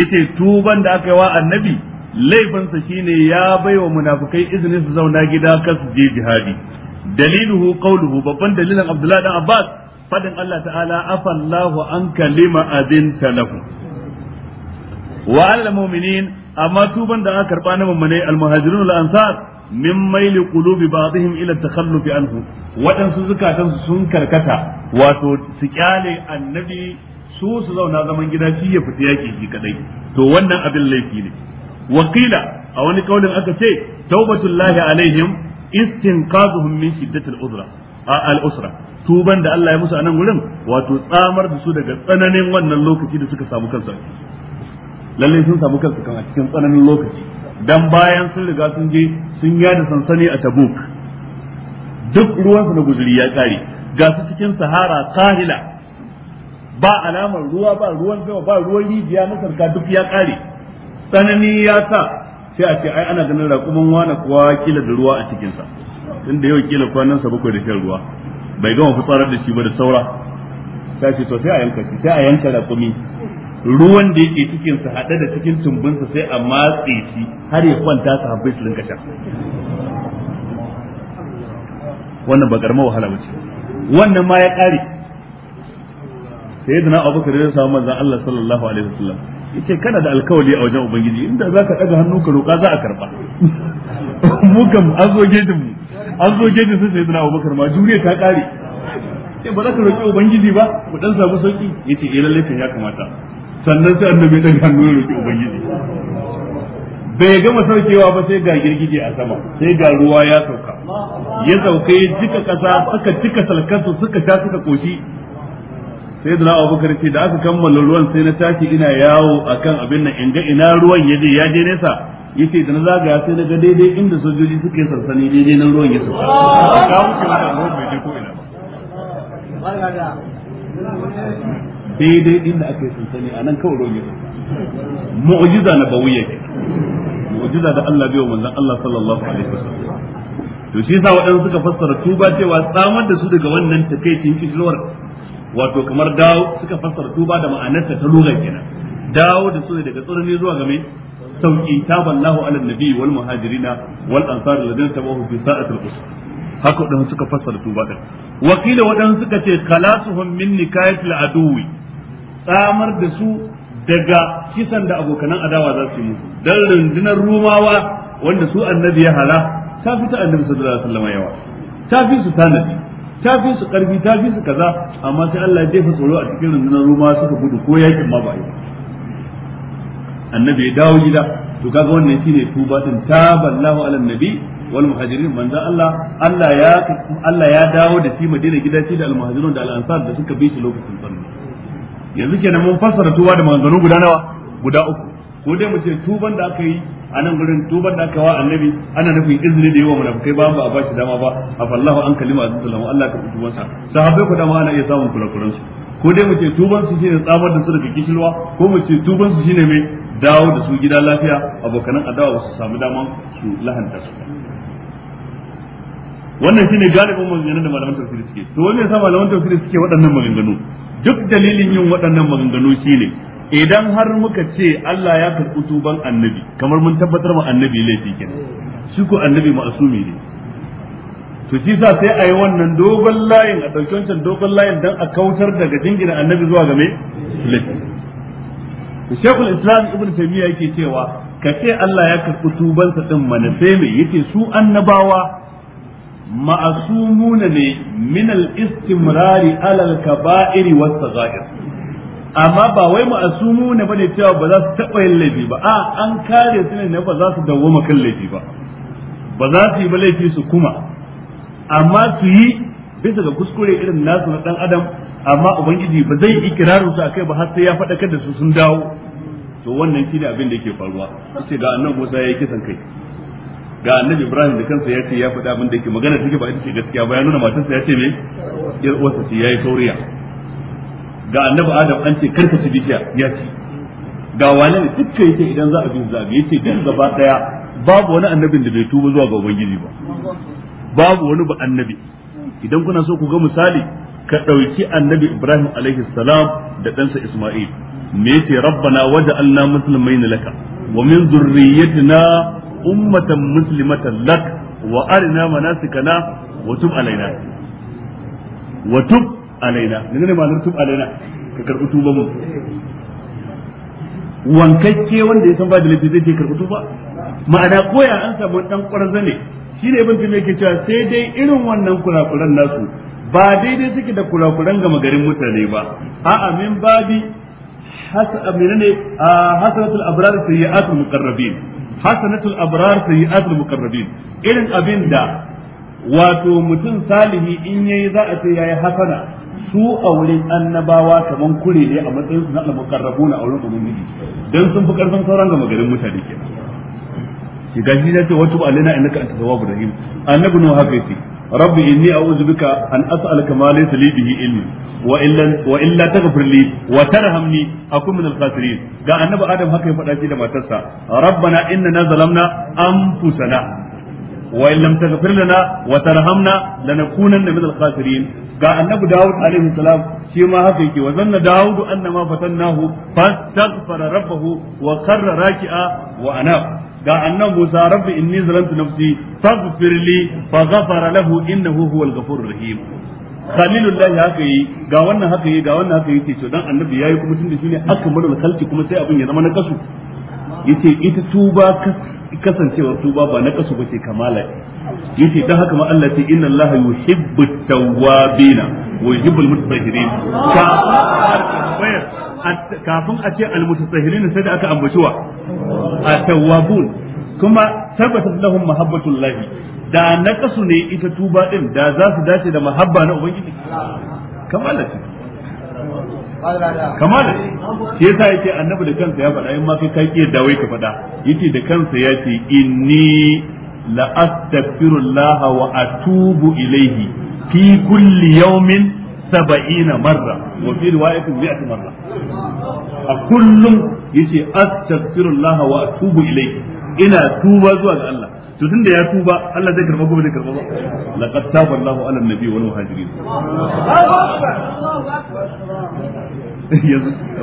يتي توبا دعك النبي laifinsa shine ya baiwa munafukai izinin su zauna gida kas je jihadi daliluhu qawluhu babban dalilin Abdullahi dan Abbas fadin Allah ta'ala afallahu an kalima adinta lahu wa al mu'minin amma tuban da aka karba na mummune al muhajirun al ansar min maili qulubi ba'dihim ila takhallufi anhu waɗansu zukatan sun karkata wato su kyale annabi su su zauna zaman gida shi ya fita yaki shi kadai to wannan abin laifi ne wakila a wani kaulin aka ce توبه alaihim عليهم استنقاذهم من شده al الاسره tuban da Allah ya musu anan wurin, gurin wato tsamar da su daga tsananin wannan lokaci da suka samu kansu lalle sun samu kansu kan a cikin tsananin lokaci dan bayan sun riga sun je sun yada sansani a Tabuk duk ruwansu na guzuri ya kare ga su cikin sahara sahila ba alamar ruwa ba ruwan sama ba ruwan rijiya sarka duk ya kare tsanani ya sa sai a ce ai ana ganin raƙumin wani kuwa kila da ruwa a cikinsa tunda yau kila kwanan sa bakwai da shan ruwa bai gama fitsarar da shi ba da saura ta ce to sai a yanka shi sai a yanka raƙumi ruwan da yake cikin sa hade da cikin tumbinsa sai a matse shi har ya kwanta su habbai su rinka sha wannan ba garma wahala ba ce wannan ma ya kare sai da na abubakar ya samu manzon Allah sallallahu alaihi wasallam yace kana da alkawali a wajen ubangiji inda zaka daga hannu ka roƙa za a karba mu kam an zo gejin mu an zo gejin sai sayyidina bakar ma juriya ta kare sai ba za ka roƙi ubangiji ba ku dan samu sauki yace eh lalle kan ya kamata sannan sai annabi dan hannu ya roƙi ubangiji bai gama saukewa ba sai ga girgije a sama sai ga ruwa ya sauka ya sauka ya jika kasa suka jika salkansu suka sha suka koshi sai da Abu Bakar ce da aka kammala ruwan sai na tashi ina yawo akan abin nan in ga ina ruwan ya je ya je nesa yace da na zagaya sai na ga daidai inda sojoji suke sansani daidai nan ruwan ya sauka ka mu da ruwan bai je ko ina ba daidai inda aka yi sansani a nan kawai ruwan ya sauka mu'jiza na bawiyya mu'jiza da Allah bai wa manzon Allah sallallahu alaihi wasallam to shi yasa waɗansu suka fassara tuba cewa tsamar da su daga wannan takeicin kishirwar wato kamar dawo suka fassara tuba da ma'anarta ta lugha kenan dawo da su daga tsanani zuwa ga mai sauki taballahu ala nabi wal muhajirina wal ansar alladhina tabahu fi sa'atil usr haka wadan suka fassara tuba din wakila wadan suka ce khalasuhum min nikayatil aduwi tsamar da su daga kisan da abokanan adawa za su yi musu dan rundunar rumawa wanda su annabi ya hala ta fi ta annabi sallallahu alaihi wasallam yawa ta fi su tanadi ta su karfi ta su kaza amma sai Allah ya jefa tsoro a cikin rundunar ruma suka gudu ko yakin ma ba yi annabi ya dawo gida to kaga wannan shine tuba din taballahu ala nabi wal muhajirin manzo Allah Allah ya Allah ya dawo da shi Madina gida shi da al muhajirun da al ansar da suka bi shi lokacin farko yanzu kenan mun fassara tuba da manzo guda nawa guda uku ko dai mu ce tuban da aka yi a nan gurin tuban da aka wa annabi ana nufin izini da yawa munafikai ba ba a ba shi dama ba a fallahu an kalima zuwa sallam Allah ka tuban sa sahabbai ku dama ana iya samun kurakuran su ko dai mu ce tuban su shine tsabar da su daga kishilwa ko mu ce tuban su shine mai dawo da su gida lafiya abokanan adawa su samu dama su lahanta su wannan shine galibin maganganun da malaman tafsir suke to wani yasa malaman tafsir suke waɗannan maganganu duk dalilin yin waɗannan maganganu shine idan har muka ce Allah ya karɓi tuban annabi kamar mun tabbatar ma annabi laifi kenan shi ko annabi ma'asumi ne to shi sa sai a yi wannan dogon layin a ɗauki wancan dogon layin don a kautar daga jingina annabi zuwa ga mai laifi shekul islam ibn taymiya yake cewa ka ce Allah ya karɓi tuban sa din manafe mai yake su annabawa ma'asumuna ne min al-istimrari alal kaba'iri was saghair amma ba wai ma'asumu ne bane cewa ba za su taɓa yin laifi ba a an kare su ne ba za su dawwama kan laifi ba ba za su yi ba laifi su kuma amma su yi bisa ga kuskure irin nasu na dan adam amma ubangiji ba zai ikirarin su akai ba har sai ya faɗakar da su sun dawo to wannan shine abin da yake faruwa sai ga annabi Musa ya yi kisan kai ga annabi Ibrahim da kansa ya ce ya faɗa abin da yake magana take ba ita ce gaskiya ba ya nuna matarsa ya ce me yar uwarsa ce yayi tauriya ga annabi adam an ce karka ci bishiya ya ci ga wani ne dukkan yake idan za a bi zabi yace duk gaba daya babu wani annabin da bai tuba zuwa ga ubangiji ba babu wani ba annabi idan kuna so ku ga misali ka dauki annabi Ibrahim alaihi salam da ɗansa Isma'il me yace rabbana waja'alna muslimin laka wa min dhurriyyatina ummatan muslimatan lak wa arina manasikana wa tub alaina wa tub alaina menene ma'anar tub alaina ka karɓi tuba mu wankakke wanda ya san ba da laifi zai je karɓi tuba ma'ana koya an samu dan kwarza ne shine ibn tumi yake cewa sai dai irin wannan kurakuran nasu ba daidai suke da kurakuran gama garin mutane ba a'a min babi menene hasanatul abrar sayyi'atul muqarrabin hasanatul abrar sayyi'atul muqarrabin irin abin da wato mutum salihi in yayi za a ce yayi hasana su a wurin annabawa kaman kure ne a matsayin su na al-muqarrabun a wurin ubangiji dan sun fi karfin sauran ga magarin mutane kenan shi gashi ya ce wato alaina innaka anta tawwabur rahim annabi nuhu haka yace rabbi inni a'udhu bika an as'aluka ma laysa li bihi ilmi wa illa wa illa taghfir li wa tarhamni akun min al-khasirin ga annabi adam haka ya faɗa shi da matarsa rabbana innana zalamna anfusana wa in lam taghfir lana wa tarhamna lanakunanna min al-khasirin ga annabi Dawud alaihi salam shi ma haka yake wa zanna Dawud annama fatannahu fastaghfara rabbahu wa kharra raki'a wa ga annabi Musa rabbi inni zalamtu nafsi faghfir li faghfara lahu innahu huwal ghafurur rahim khalilullahi haka yi ga wannan haka yi ga wannan haka yi ce to dan annabi yayi kuma tunda shine akmalul khalqi kuma sai abin ya zama na kasu yace ita tuba kasancewar tuba ba na kasu bace kamala ce yace dan haka ma Allah ce inna Allah yuhibbu tawwabina wa yuhibbu almutatahhirin kafin a ce almutatahhirin sai da aka ambaci wa Atawabun. kuma tabbatat lahum mahabbatullahi da na kasu ne ita tuba din da za su dace da mahabba na ubangiji kamala ce kamar shi yasa yake annabi da kansa ya faɗa in ma kai kai da wai ka faɗa yace da kansa ya ce inni la astaghfirullah wa atubu ilayhi fi kulli yawmin 70 marra wa fi riwayatin 100 marra a kullum yace astaghfirullah wa atubu ilayhi ina tuba zuwa ga Allah to tunda ya tuba Allah zai karba gobe zai karba ba laqad taba Allahu ala nabi wal muhajirin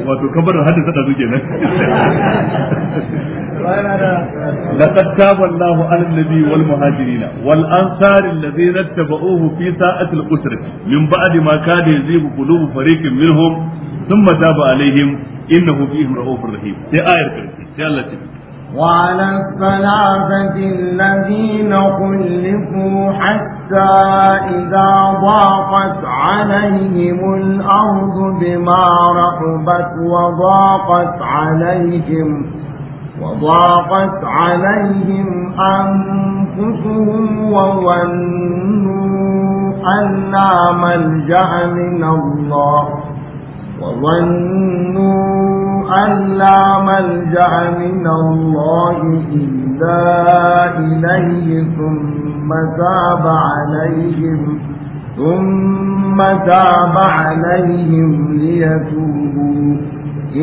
wato kabar hadin sada zuke nan laqad taba Allahu 'ala an-nabi wal muhajirin wal ansar alladhina ittaba'uhu fi sa'ati al-usr min ba'di ma kada yazibu qulubu fariqin minhum thumma taba 'alayhim innahu bihim ra'ufur rahim sai ayar karshe sai Allah ta وعلى الثلاثة الذين خلفوا حتى إذا ضاقت عليهم الأرض بما رحبت وضاقت عليهم وضاقت عليهم أنفسهم وظنوا أن لا ملجأ من الله وظنوا أن لا ملجأ من الله إلا إليه ثم تاب عليهم ثم تاب عليهم ليتوبوا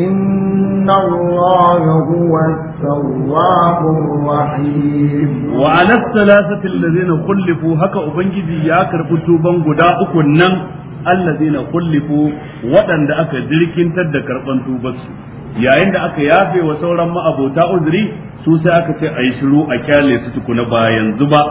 إن الله هو التواب الرحيم وعلى الثلاثة الذين خلفوا هكا أبنجي يا كربتوبا غدا أكنن الذين خلفوا وأن أكا دركين تد كربان توبسوا yayin da aka yafe wa sauran ma'abota uzuri su sai aka ce a yi shiru a kyale su tukuna ba yanzu ba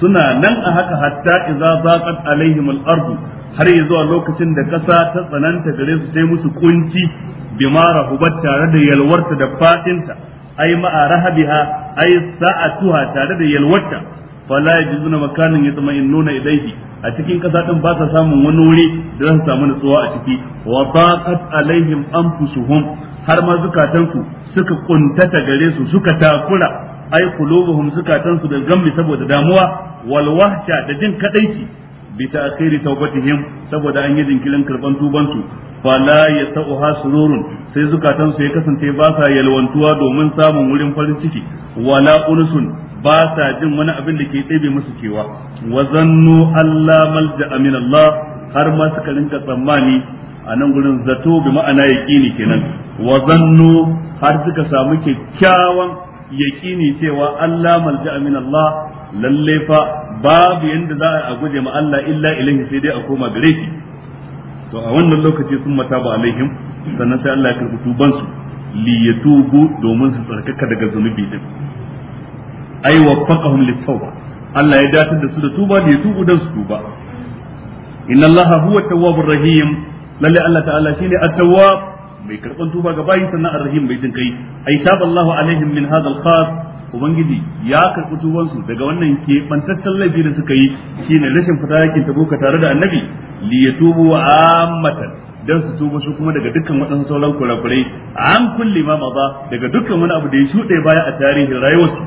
suna nan a haka hatta idza zaqat alaihim al-ardu har ya zuwa lokacin da ƙasa ta tsananta gare su sai musu kunci bima rahubat tare da yalwarta da fadinta ai ma'a rahabiha ai sa'atuha tare da yalwarta fala yajiduna makanan yatma'innuna ilayhi a cikin kasa din ba sa samun wani wuri da za su samu nutsuwa a ciki wa taqat alaihim anfusuhum har ma su suka kuntata gare su suka takura ai qulubuhum zukatansu da gammi saboda damuwa wal da jin kadaici bi ta'khiri tawbatihim saboda an yi jinkirin karban tuban su fala yasauha sururun sai zukatan su ya kasance ba sa yalwantuwa domin samun wurin farin ciki wala unsun ba sa jin wani abin da ke tsebe musu cewa wa zannu alla malja min Allah har ma suka rinka tsammani a nan gurin zato bi ma'ana yaqini kenan wa zannu har suka samu kyakkyawan yaqini cewa Allah malja min Allah lalle fa babu yadda za a guje ma Allah illa ilaihi sai dai a koma gare shi to a wannan lokaci sun mata ba alaihim sannan sai Allah ya karɓi tuban su li yatubu domin su tsarkaka daga zunubi din ai waffaqahum lit-tauba Allah ya datar da su da tuba da yatubu dan su tuba inna Allah huwa tawwabur rahim lalle Allah ta'ala shine at-tawwab mai karban tuba ga bayin sannan ar-rahim mai jin kai ai taballahu alaihim min hadha al-khas ubangiji ya karɓi tubansu daga wannan keɓantaccen laifi da suka yi shine rashin fita yakin boka tare da annabi li yatubu ammatan dan su tuba su kuma daga dukkan waɗansu sauran kurakurai an kulli ma maza daga dukkan wani abu da ya shuɗe baya a tarihin rayuwarsu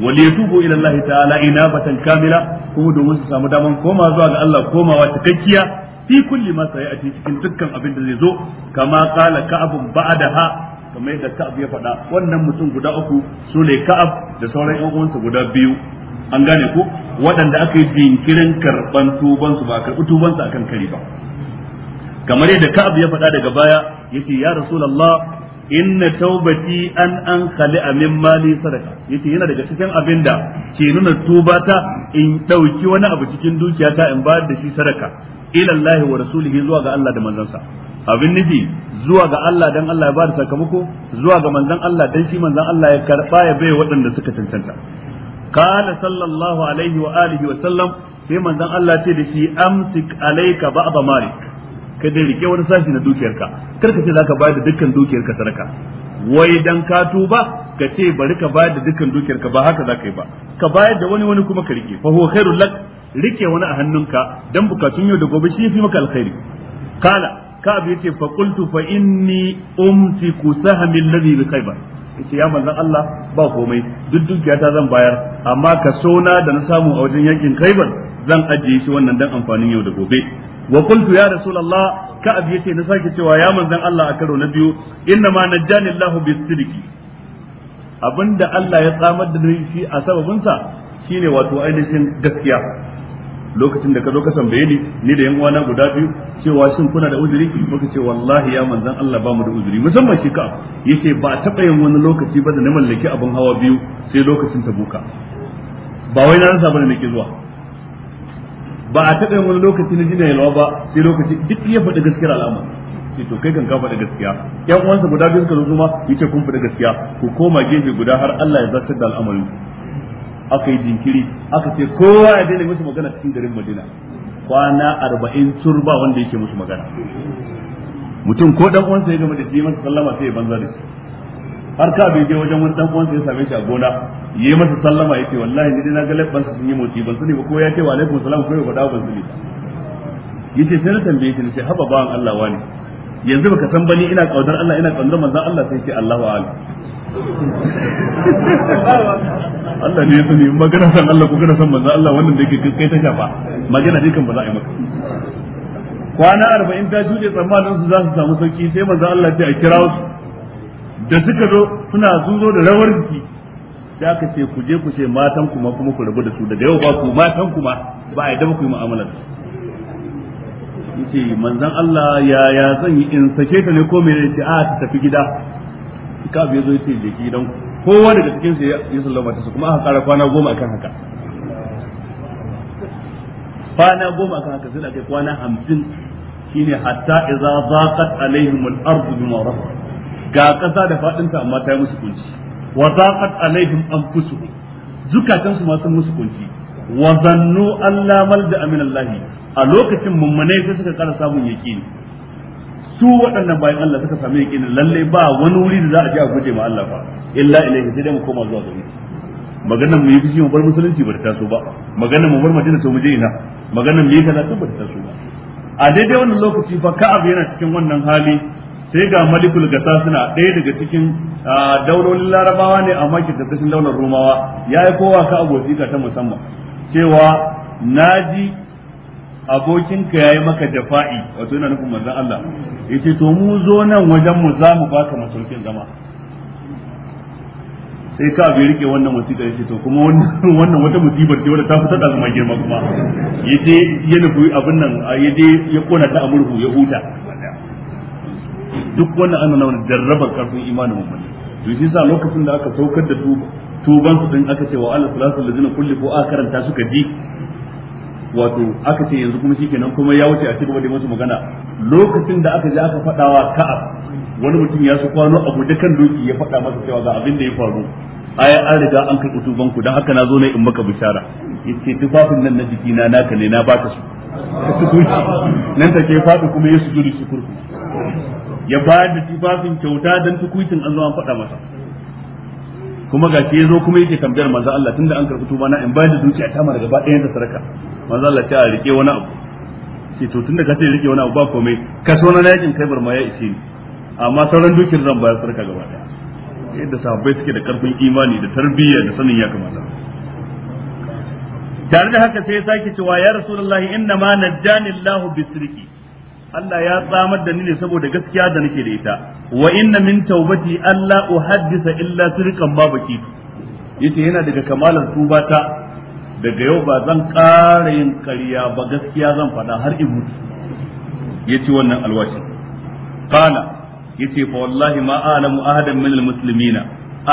wal yatubu ila Allah ta'ala batan kamila kuma domin su samu daman koma zuwa ga Allah komawa cikakkiya fi kulli ma sayati cikin dukkan abin da zai zo kama qala ka'abun ba'daha kamar yadda Ka'ab ya faɗa wannan mutum guda uku su ne Ka'ab da sauran ƴan uwansa guda biyu an gane ku, waɗanda aka yi jinkirin karɓan tuban su ba karɓi tuban su akan kari ba kamar yadda Ka'ab ya faɗa daga baya yace ya Rasulullah inna taubati an an khali'a min mali sadaka yace yana daga cikin abin da ke nuna tubata in ɗauki wani abu cikin dukiyata in bayar da shi sadaka ila Allah wa rasulihi zuwa ga Allah da manzansa abin nufi zuwa ga Allah dan Allah ya bada sakamako zuwa ga manzon Allah dan shi manzon Allah ya karba ya bai waɗanda suka cancanta qala sallallahu alaihi wa alihi wa sallam sai manzon Allah ce da shi amsik alayka ba'd malik ka dai rike wani sashi na dukiyarka kar ka ce zaka bayar da dukkan dukiyarka sadaka wai dan ka tuba ka ce bari ka bayar da dukkan dukiyarka ba haka zaka yi ba ka bayar da wani wani kuma ka rike fa huwa khairul lak rike wani a hannunka dan bukatun yau da gobe shi fi maka alkhairi kala ka'ab yace fa qultu fa inni umsiku sahmi alladhi bi khaybar yace ya manzon Allah ba komai duk dukiya ta zan bayar amma ka sona da na samu a wajen yankin kaibar zan ajiye shi wannan dan amfanin yau da gobe wa qultu ya rasulullah ka'ab yace na sake cewa ya manzan Allah a karo na biyu inna ma najjani Allah bis sidiki abinda Allah ya tsamar da ni shi a sababinsa shine wato ainihin gaskiya lokacin da ka zo ka tambaye ni ni da yan uwana guda biyu cewa shin kuna da uzuri muka ce wallahi ya manzon Allah ba mu da uzuri musamman shi ka yace ba taba yin wani lokaci ba da na mallaki abin hawa biyu sai lokacin tabuka ba wai na rasa bane nake zuwa ba a taɓa yin wani lokaci na jina yalwa ba sai lokaci duk ya faɗi gaskiyar al'amari ce to kai kan faɗi gaskiya ƴan uwansa guda biyu suka zo kuma yace kun faɗi gaskiya ku koma gefe guda har Allah ya zartar da al'amarin aka yi jinkiri aka ce kowa ya daina musu magana cikin garin madina kwana arba'in turba wanda yake musu magana mutum ko dan uwansa ya gama da shi masa sallama sai ya banza da shi har ka bai je wajen wani dan uwansa ya same shi a gona yayi masa sallama yace wallahi ni dai na ga labban sun yi motsi ban sani ba ko ya ce wa alaikum salam ko ya faɗa ban sani yace sai na tambaye shi nace haba bawan Allah wani yanzu baka san bani ina kaudar Allah ina kaudar manzon Allah sai ce Allahu a'lam Allah ne ya sani in magana san Allah ko kana san manzo Allah wannan da yake kai ta shafa magana dai kan ba za a yi maka kwana arba'in ta juje tsammanin su za su samu sauki sai manzo Allah ya kira su da suka zo suna zuzo da rawar jiki da aka ce ku je ku ce matan kuma kuma ku rabu da su daga yau ba ku matan kuma ba a yi dama ku yi mu'amala da su yace manzon Allah ya ya zan yi in sake ta ne ko me ce a ta tafi gida ka bi zo yace je gidanku kowa daga cikin su ya sallama ta su kuma aka kara kwana goma akan haka kwana goma akan haka sai da kai kwana hamsin shine hatta idza zaqat alaihim al-ardu bima rahabat ga kasa da fadinta amma ta yi musu kunci wa zaqat alaihim anfusuhum zukatan su ma sun musu kunci wa zannu an la malda min Allah a lokacin mummunai sai suka kara samun yaqini su waɗannan bayan Allah suka sami yaƙini lalle ba wani wuri da za a je a guje ma Allah fa illa ilaihi sai dai mu koma zuwa gare maganar mu yi fushi mu bar musulunci ba ta taso ba maganar mu bar madina to mu je ina maganar mu yi kaza to ba ta taso ba a daidai wannan lokaci fa ka'ab yana cikin wannan hali sai ga malikul gasa suna ɗaya daga cikin daulolin larabawa ne amma ke tattasin daular rumawa ya yi kowa ka wasiƙa ta musamman cewa naji abokinka yi maka jafa'i wato yana nufin manzan Allah Ya ce to mu zo nan wajen mu za mu baka masaukin zama sai ka bi rike wannan wasiƙa ce to kuma wannan wata musibar ce wadda ta fi da zama girma kuma yaje ya nufi abin nan je ya kona ta amurhu ya huta duk wannan ana nan jarraba karfin imanin mummuni to shi sa lokacin da aka saukar da tuban su din aka ce wa Allah salatu kulli ko a karanta suka ji wato aka ce yanzu kuma shikenan kuma ya wuce a ci gaba da musu magana lokacin da aka je aka faɗa wa ka'ab wani mutum ya su kwano a guje kan doki ya faɗa masa cewa ga abin da ya faru ai an riga an kai kutuban ku dan haka na zo ne in maka bishara yace tufafin nan na jikina naka ne na baka su ka su nan take faɗi kuma ya su juri ya bayar da tufafin kyauta dan tukuitin an zo an faɗa masa kuma ga shi zo kuma yake tambayar manzo Allah tunda an karbi tuba na in bayar da dukiya ta mara gaba ɗayan ta saraka manzo Allah ta rike wani abu ce to tunda ka ce rike wani abu ba komai ka so na yakin kai bar ma ya ishe ni amma sauran dukiyar zan bayar saraka gaba ɗaya yadda sahabbai suke da karfin imani da tarbiyya da sanin ya kamata tare da haka sai ya sake cewa ya rasulullahi inna ma najjani Allahu bisriki Allah ya tsamar da ni ne saboda gaskiya da nake da ita wa inna min taubati alla uhaddisa illa sirqan ma baki yace yana daga kamalar tubata daga yau ba zan ƙara yin ƙarya ba gaskiya zan faɗa har in mutu yace wannan alwashi qala yace fa wallahi ma a'lamu ahadan min almuslimina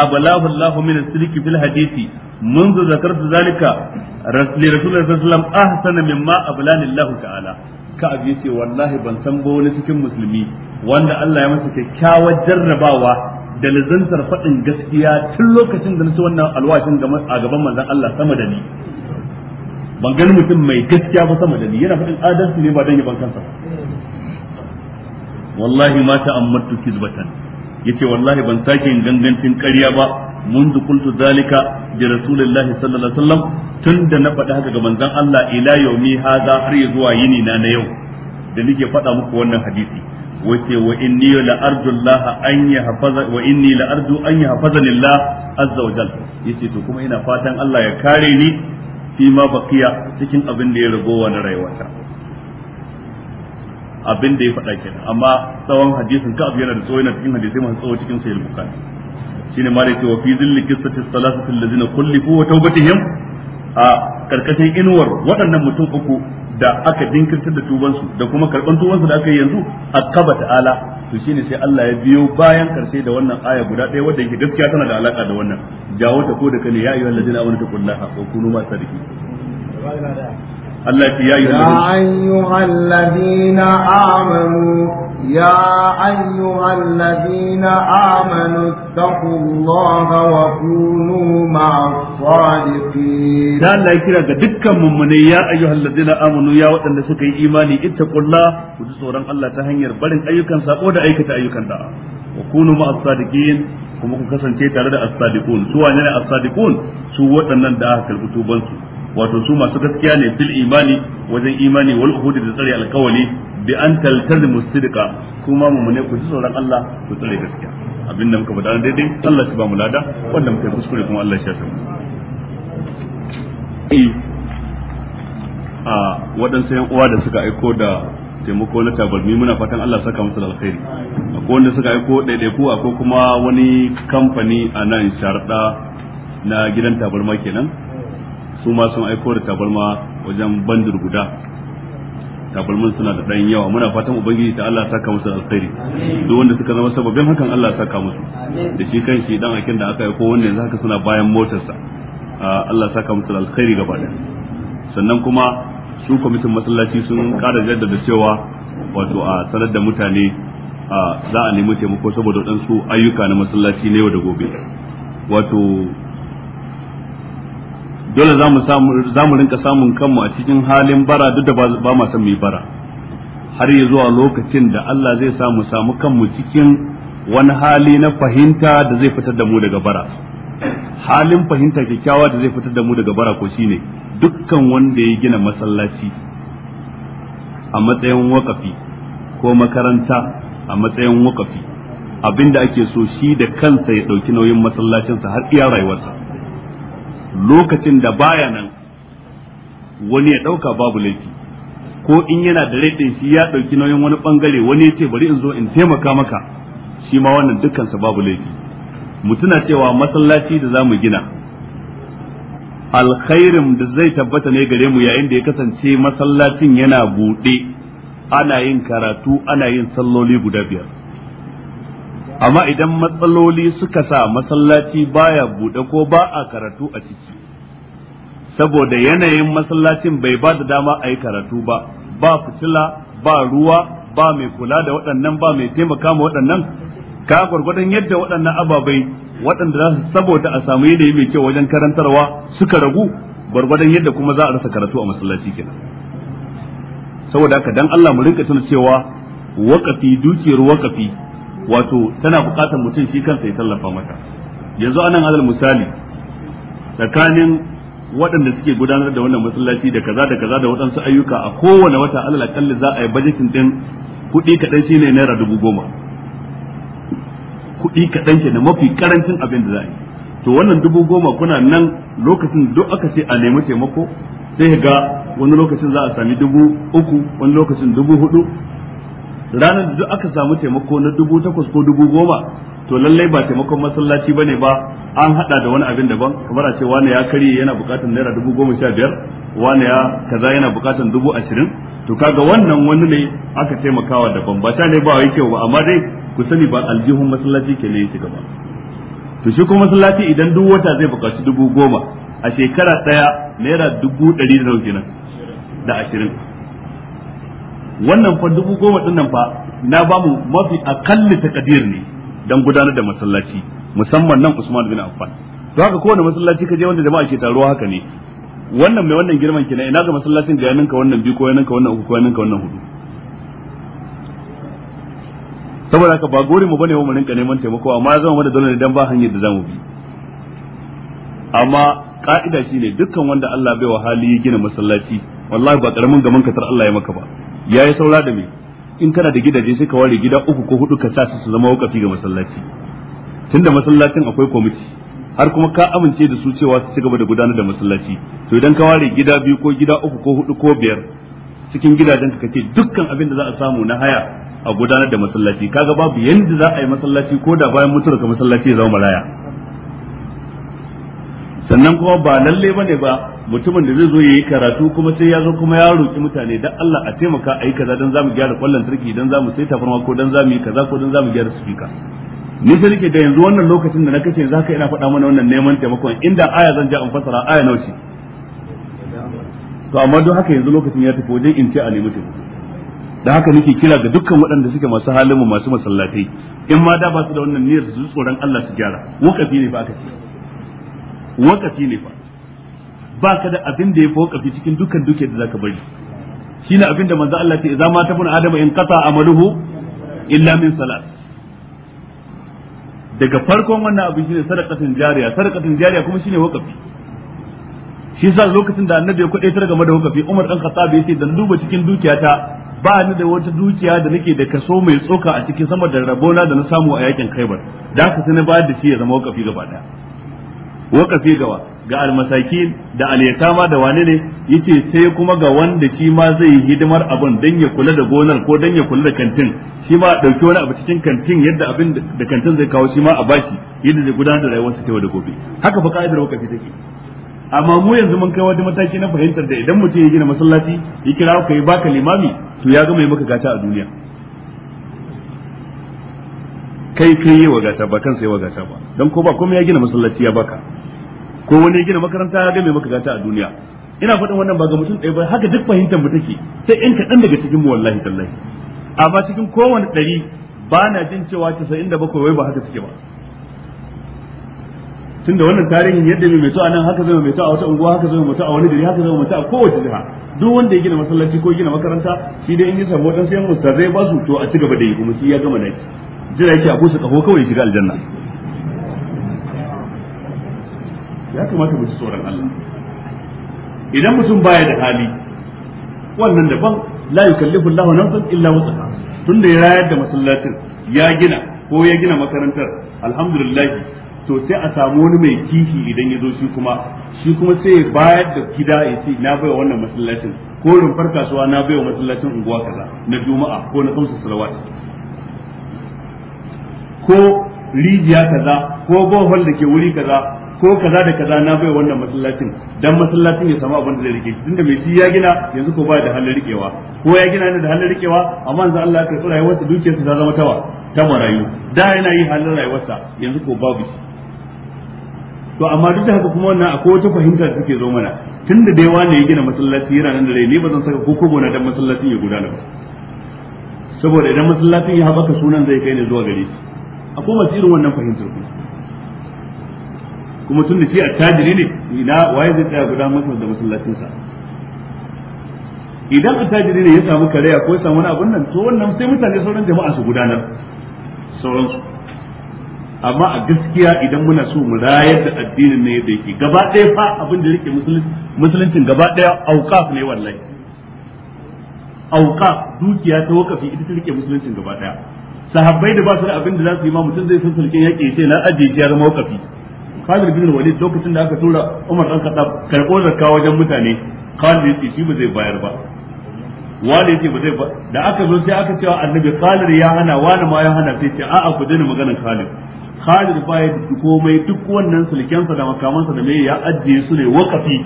ablahu Allah min as-sirq fil hadisi منذ ذكرت ذلك لرسول الله صلى الله عليه وسلم أحسن مما أبلاني الله تعالى ka'ab ce wallahi ban san ba wani cikin musulmi wanda Allah ya masa kyakkyawar jarrabawa da lazantar faɗin gaskiya tun lokacin da nasu wannan alwashin a gaban manzon Allah sama da ni ban gani mutum mai gaskiya ba sama da ni yana faɗin adalci ne ba dan ban kansa wallahi ma ta'ammattu kizbatan yace wallahi ban sake yin gangancin ƙarya ba منذ قلت ذلك برسول الله صلى الله عليه وسلم تند نفد هكا من ذن الله إلى يومي هذا حري زوا ينينا نيو دنيجي فتا مكو ونن حديثي وتي وإني لأرجو الله أن يحفظ وإني لأرجو أن يحفظني الله عز وجل يسي تكم إنا فاتن الله يكاريني فيما بقي تكن أبن لي ربوة نرأي abin da ya faɗa kenan amma tsawon hadisin ka abu yana da tsawo yana cikin hadisai masu tsawo cikin sahih bukhari shine ma da yake wa fi zilli kisati salasati allazina kullifu wa tawbatihim a karkashin inuwar waɗannan mutum uku da aka dinkirtar da tubansu da kuma karban tubansu da aka yi yanzu akaba ta'ala to shine sai Allah ya biyo bayan karshe da wannan aya guda ɗaya wadda yake gaskiya tana da alaka da wannan jawo ta ko da kane ya ayyuhallazina amanu taqullaha wa kunu ma sadiqin Allah ya yi ayyuhal ladina amanu يا أيها الذين آمنوا اتقوا الله وكونوا مع الصادقين da Allah ya kira ga dukkan mummune ya ayyuhal ladina amanu ya waɗanda suka yi imani ittaqullah ku ji tsoron Allah ta hanyar barin ayyukan sako da aikata ayyukan da'a wa kunu ma kuma ku kasance tare da as-sadiqun su wane ne as su waɗannan da aka karbi tubansu wato su masu gaskiya ne fil imani wajen imani wal uhudi da tsare alkawali bi an taltazimu sidqa kuma mu ne ku ji tsoron Allah ku tsare gaskiya abin da muka faɗa daidai Allah shi ba mu lada wanda muka kuskure kuma Allah shi ya san a waɗansu yan uwa da suka aiko da taimako na tabarmi muna fatan Allah saka musu alkhairi akwai wanda suka aiko ɗaiɗaiku akwai kuma wani kamfani a nan sharɗa na gidan tabarma kenan su ma sun aiko da tabalma wajen bandir guda tabalman suna da ɗan yawa muna fatan ubangiji ta Allah saka musu alkhairi duk wanda suka zama sababin hakan Allah saka musu da shi kan shi dan akin da aka aiko wanda yanzu haka suna bayan motarsa Allah saka musu alkhairi gaba da sannan kuma su kwamitin masallaci sun kara jaddada cewa wato a sanar da mutane za a nemi taimako saboda waɗansu ayyuka na masallaci na yau da gobe wato dole za mu rinka samun kanmu a cikin halin bara duk da ba ma san mai bara har ya zuwa lokacin da Allah zai sa mu samu kanmu cikin wani hali na fahimta da zai fitar da mu daga bara halin fahimta kyakkyawa da zai fitar da mu daga bara ko shine dukkan wanda ya gina masallaci a matsayin wakafi ko makaranta a matsayin wakafi abinda ake so shi da kansa ya ɗauki nauyin masallacinsa har iya rayuwarsa lokacin da baya nan wani ya ɗauka babu laifi ko in yana da rai shi ya ɗauki nauyin wani bangare wani ya ce bari in zo in taimaka maka shi ma wannan dukkansa babu laifi mutuna cewa masallaci da zamu gina alkhairin da zai tabbata ne gare mu yayin da ya kasance masallacin yana buɗe ana yin karatu ana yin salloli guda biyar amma idan matsaloli suka sa masallaci baya buɗe ko ba a karatu a ciki saboda yanayin masallacin bai ba da dama a yi karatu ba ba fitila ba ruwa ba mai kula da waɗannan ba mai taimaka ma waɗannan ka gwargwadon yadda waɗannan ababai waɗanda za su saboda a samu yanayi mai kyau wajen karantarwa suka ragu gwargwadon yadda kuma za a rasa karatu a masallaci kenan saboda haka dan Allah mu rinka tuna cewa waqafi dukiyar wakafi wato tana buƙatar mutum shi kansa ya tallafa mata yanzu anan alal misali tsakanin waɗanda suke gudanar da wannan masallaci da kaza da kaza da waɗansu ayyuka a kowane wata alal akalli za a yi bajetin din kuɗi kaɗan ne naira dubu goma kuɗi kaɗan ke da mafi karancin abin da za a yi to wannan dubu goma kuna nan lokacin duk aka ce a nemi taimako sai ga wani lokacin za a sami dubu uku wani lokacin dubu hudu ranar da duk aka samu taimako na dubu takwas ko dubu goma to lallai ba taimakon masallaci bane ba an hada da wani abin daban kamar a ce wani ya karye yana bukatar naira dubu goma sha biyar wani ya kaza yana bukatar dubu ashirin to kaga wannan wani ne aka taimakawa daban ba ta ne ba wai kyau ba amma dai ku sani ba aljihun masallaci ke ne shiga ba to shi kuma masallaci idan duk wata zai bukaci dubu goma a shekara daya naira dubu ɗari da nau da ashirin wannan fa dubu goma din nan fa na ba mu mafi akalli takadir ne dan gudanar da masallaci musamman nan Usman bin Affan to haka kowane masallaci ka je wanda jama'a ke taruwa haka ne wannan mai wannan girman kenan ina ga masallacin ga yaninka wannan biyu ko yaninka wannan uku ko yaninka wannan hudu saboda haka ba gori mu bane mu rinka neman taimako amma ya zama mana dole ne dan ba hanyar da zamu bi amma ka'ida shine dukkan wanda Allah bai wa hali ya gina masallaci wallahi ba karamin gaman katar Allah ya maka ba yayi saura da me in kana da gidaje sai ka ware gida uku ko hudu ka sa su zama wakafi ga masallaci tun da masallacin akwai kwamiti har kuma ka amince da su cewa su cigaba da gudanar da masallaci to idan ka ware gida biyu ko gida uku ko hudu ko biyar cikin gidajen ka kace dukkan abin da za a samu na haya a gudanar da masallaci kaga babu yanda za a yi masallaci ko da bayan mutuwar ka masallaci ya zama maraya sannan kuma ba lalle bane ba mutumin da zai zo yayi karatu kuma sai ya zo kuma ya roki mutane dan Allah a taimaka ayi kaza dan zamu gyara kwallon turki dan zamu sai tafarma ko dan zamu yi kaza ko dan zamu gyara sufika ni sai nake da yanzu wannan lokacin da na kace zaka ina faɗa mana wannan neman taimakon inda aya zan ja in fasara aya nawa ce to amma don haka yanzu lokacin ya tafi wajen in ce a nemi taimako da haka nake kira ga dukkan waɗanda suke masu halin masu masallatai in ma da ba su da wannan niyyar su tsoron Allah su gyara wukafi ne ba aka ce wakafi ne fa ba ka da abin da ya fi wakafi cikin dukkan duke da zaka bari shine abin da manzo Allah ce za ma tafun adama in qata amaluhu illa min salat daga farkon wannan abin shine sadaqatin jariya sadaqatin jariya kuma shine wakafi shi sa lokacin da annabi ya kwadaitar game da wakafi Umar dan Khattab yace dan duba cikin dukiyata ba ni da wata dukiya da nake da kaso mai tsoka a cikin sama da rabona da na samu a yakin Khaibar da ka sani ba da shi ya zama wakafi gaba daya wakafi gawa ga Almasaki da Aliyatama da wane ne yace sai kuma ga wanda shi ma zai yi hidimar abin dan ya kula da gonar ko dan ya kula da kantin shi ma dauki wani abu cikin kantin yadda abin da kantin zai kawo shi ma a bashi yadda zai gudanar da rayuwarsa ta yau da gobe haka fa ka'idar wakafi take amma mu yanzu mun kai wani mataki na fahimtar da idan mutum ya gina masallaci ya kira ka yi baka limami to ya gama yi maka gata a duniya kai kai yi wa gata ba kansa yi gata ba don ko ba komai ya gina masallaci ya baka ko wani ya gina makaranta ya ga mai maka gata a duniya ina faɗin wannan ba ga mutum ɗaya ba haka duk fahimtar mu take sai in kaɗan daga cikin mu wallahi tallahi amma cikin kowane ɗari ba na jin cewa casa'in da bakwai wai ba haka suke ba tunda wannan tarihin yadda mai mutu a nan haka zama mutu a wata unguwa haka zama mutu a wani dare haka zama mutu a kowace jiha duk wanda ya gina masallaci ko gina makaranta shi dai in ya samu waɗansu yan zai ba su to a ci gaba da yi kuma shi ya gama shi jira yake a busa kafo kawai shiga aljanna ya kamata mu ci tsoron Allah idan mutum baya da hali wannan daban la yukallifu Allahu nafsan illa wusaha tunda ya rayar da masallacin ya gina ko ya gina makarantar alhamdulillah to sai a samu wani mai kishi idan ya zo shi kuma shi kuma sai ya bayar da gida ya ce na baiwa wannan masallacin ko rumfar kasuwa na baiwa masallacin unguwa kaza na juma'a ko na kamsa salawat ko rijiya kaza ko bohol da ke wuri kaza ko kaza da kaza na bai wannan masallacin dan masallacin ya samu abin da zai rike tunda mai shi ya gina yanzu ko ba da halin rikewa ko ya gina ne da halin rikewa amma yanzu Allah ya karɓi rayuwarsa dukiyarsa ta zama tawa ta marayu da yana yi halin rayuwarsa yanzu ko babu shi to amma duk da haka kuma wannan akwai wata fahimta da suke zo mana tunda da yawa ne ya gina masallaci yana nan da rai ne ba zan saka ko kobo na dan masallacin ya gudana ba saboda idan masallacin ya haɓaka sunan zai kai ne zuwa gare shi akwai masu irin wannan fahimtar ku kuma tun da shi attajiri ne ina waye zai tsaya guda masa da masallacinsa idan attajiri ne ya samu karaya ko ya samu wani abun nan to wannan sai mutane sauran jama'a su gudanar sauransu amma a gaskiya idan muna so mu rayar da addinin ne da yake gaba ɗaya fa abin da yake musuluncin gaba ɗaya auqaf ne wallahi auqaf dukiya ta wakafi ita ta rike musuluncin gaba ɗaya sahabbai da ba su da abin da za su yi ma mutum zai san sulkin yaƙi ce na ajiye shi ya zama wakafi Khalid bin Walid lokacin da aka tura Umar dan Khattab karɓo zakka wajen mutane Khalid ce shi ba zai bayar ba wani yace ba zai ba da aka zo sai aka cewa annabi Khalid ya hana wani ma ya hana sai ce a'a ku daina maganar Khalid Khalid ba ya komai duk wannan sulkensa da makamansa da mai ya ajiye su ne wakafi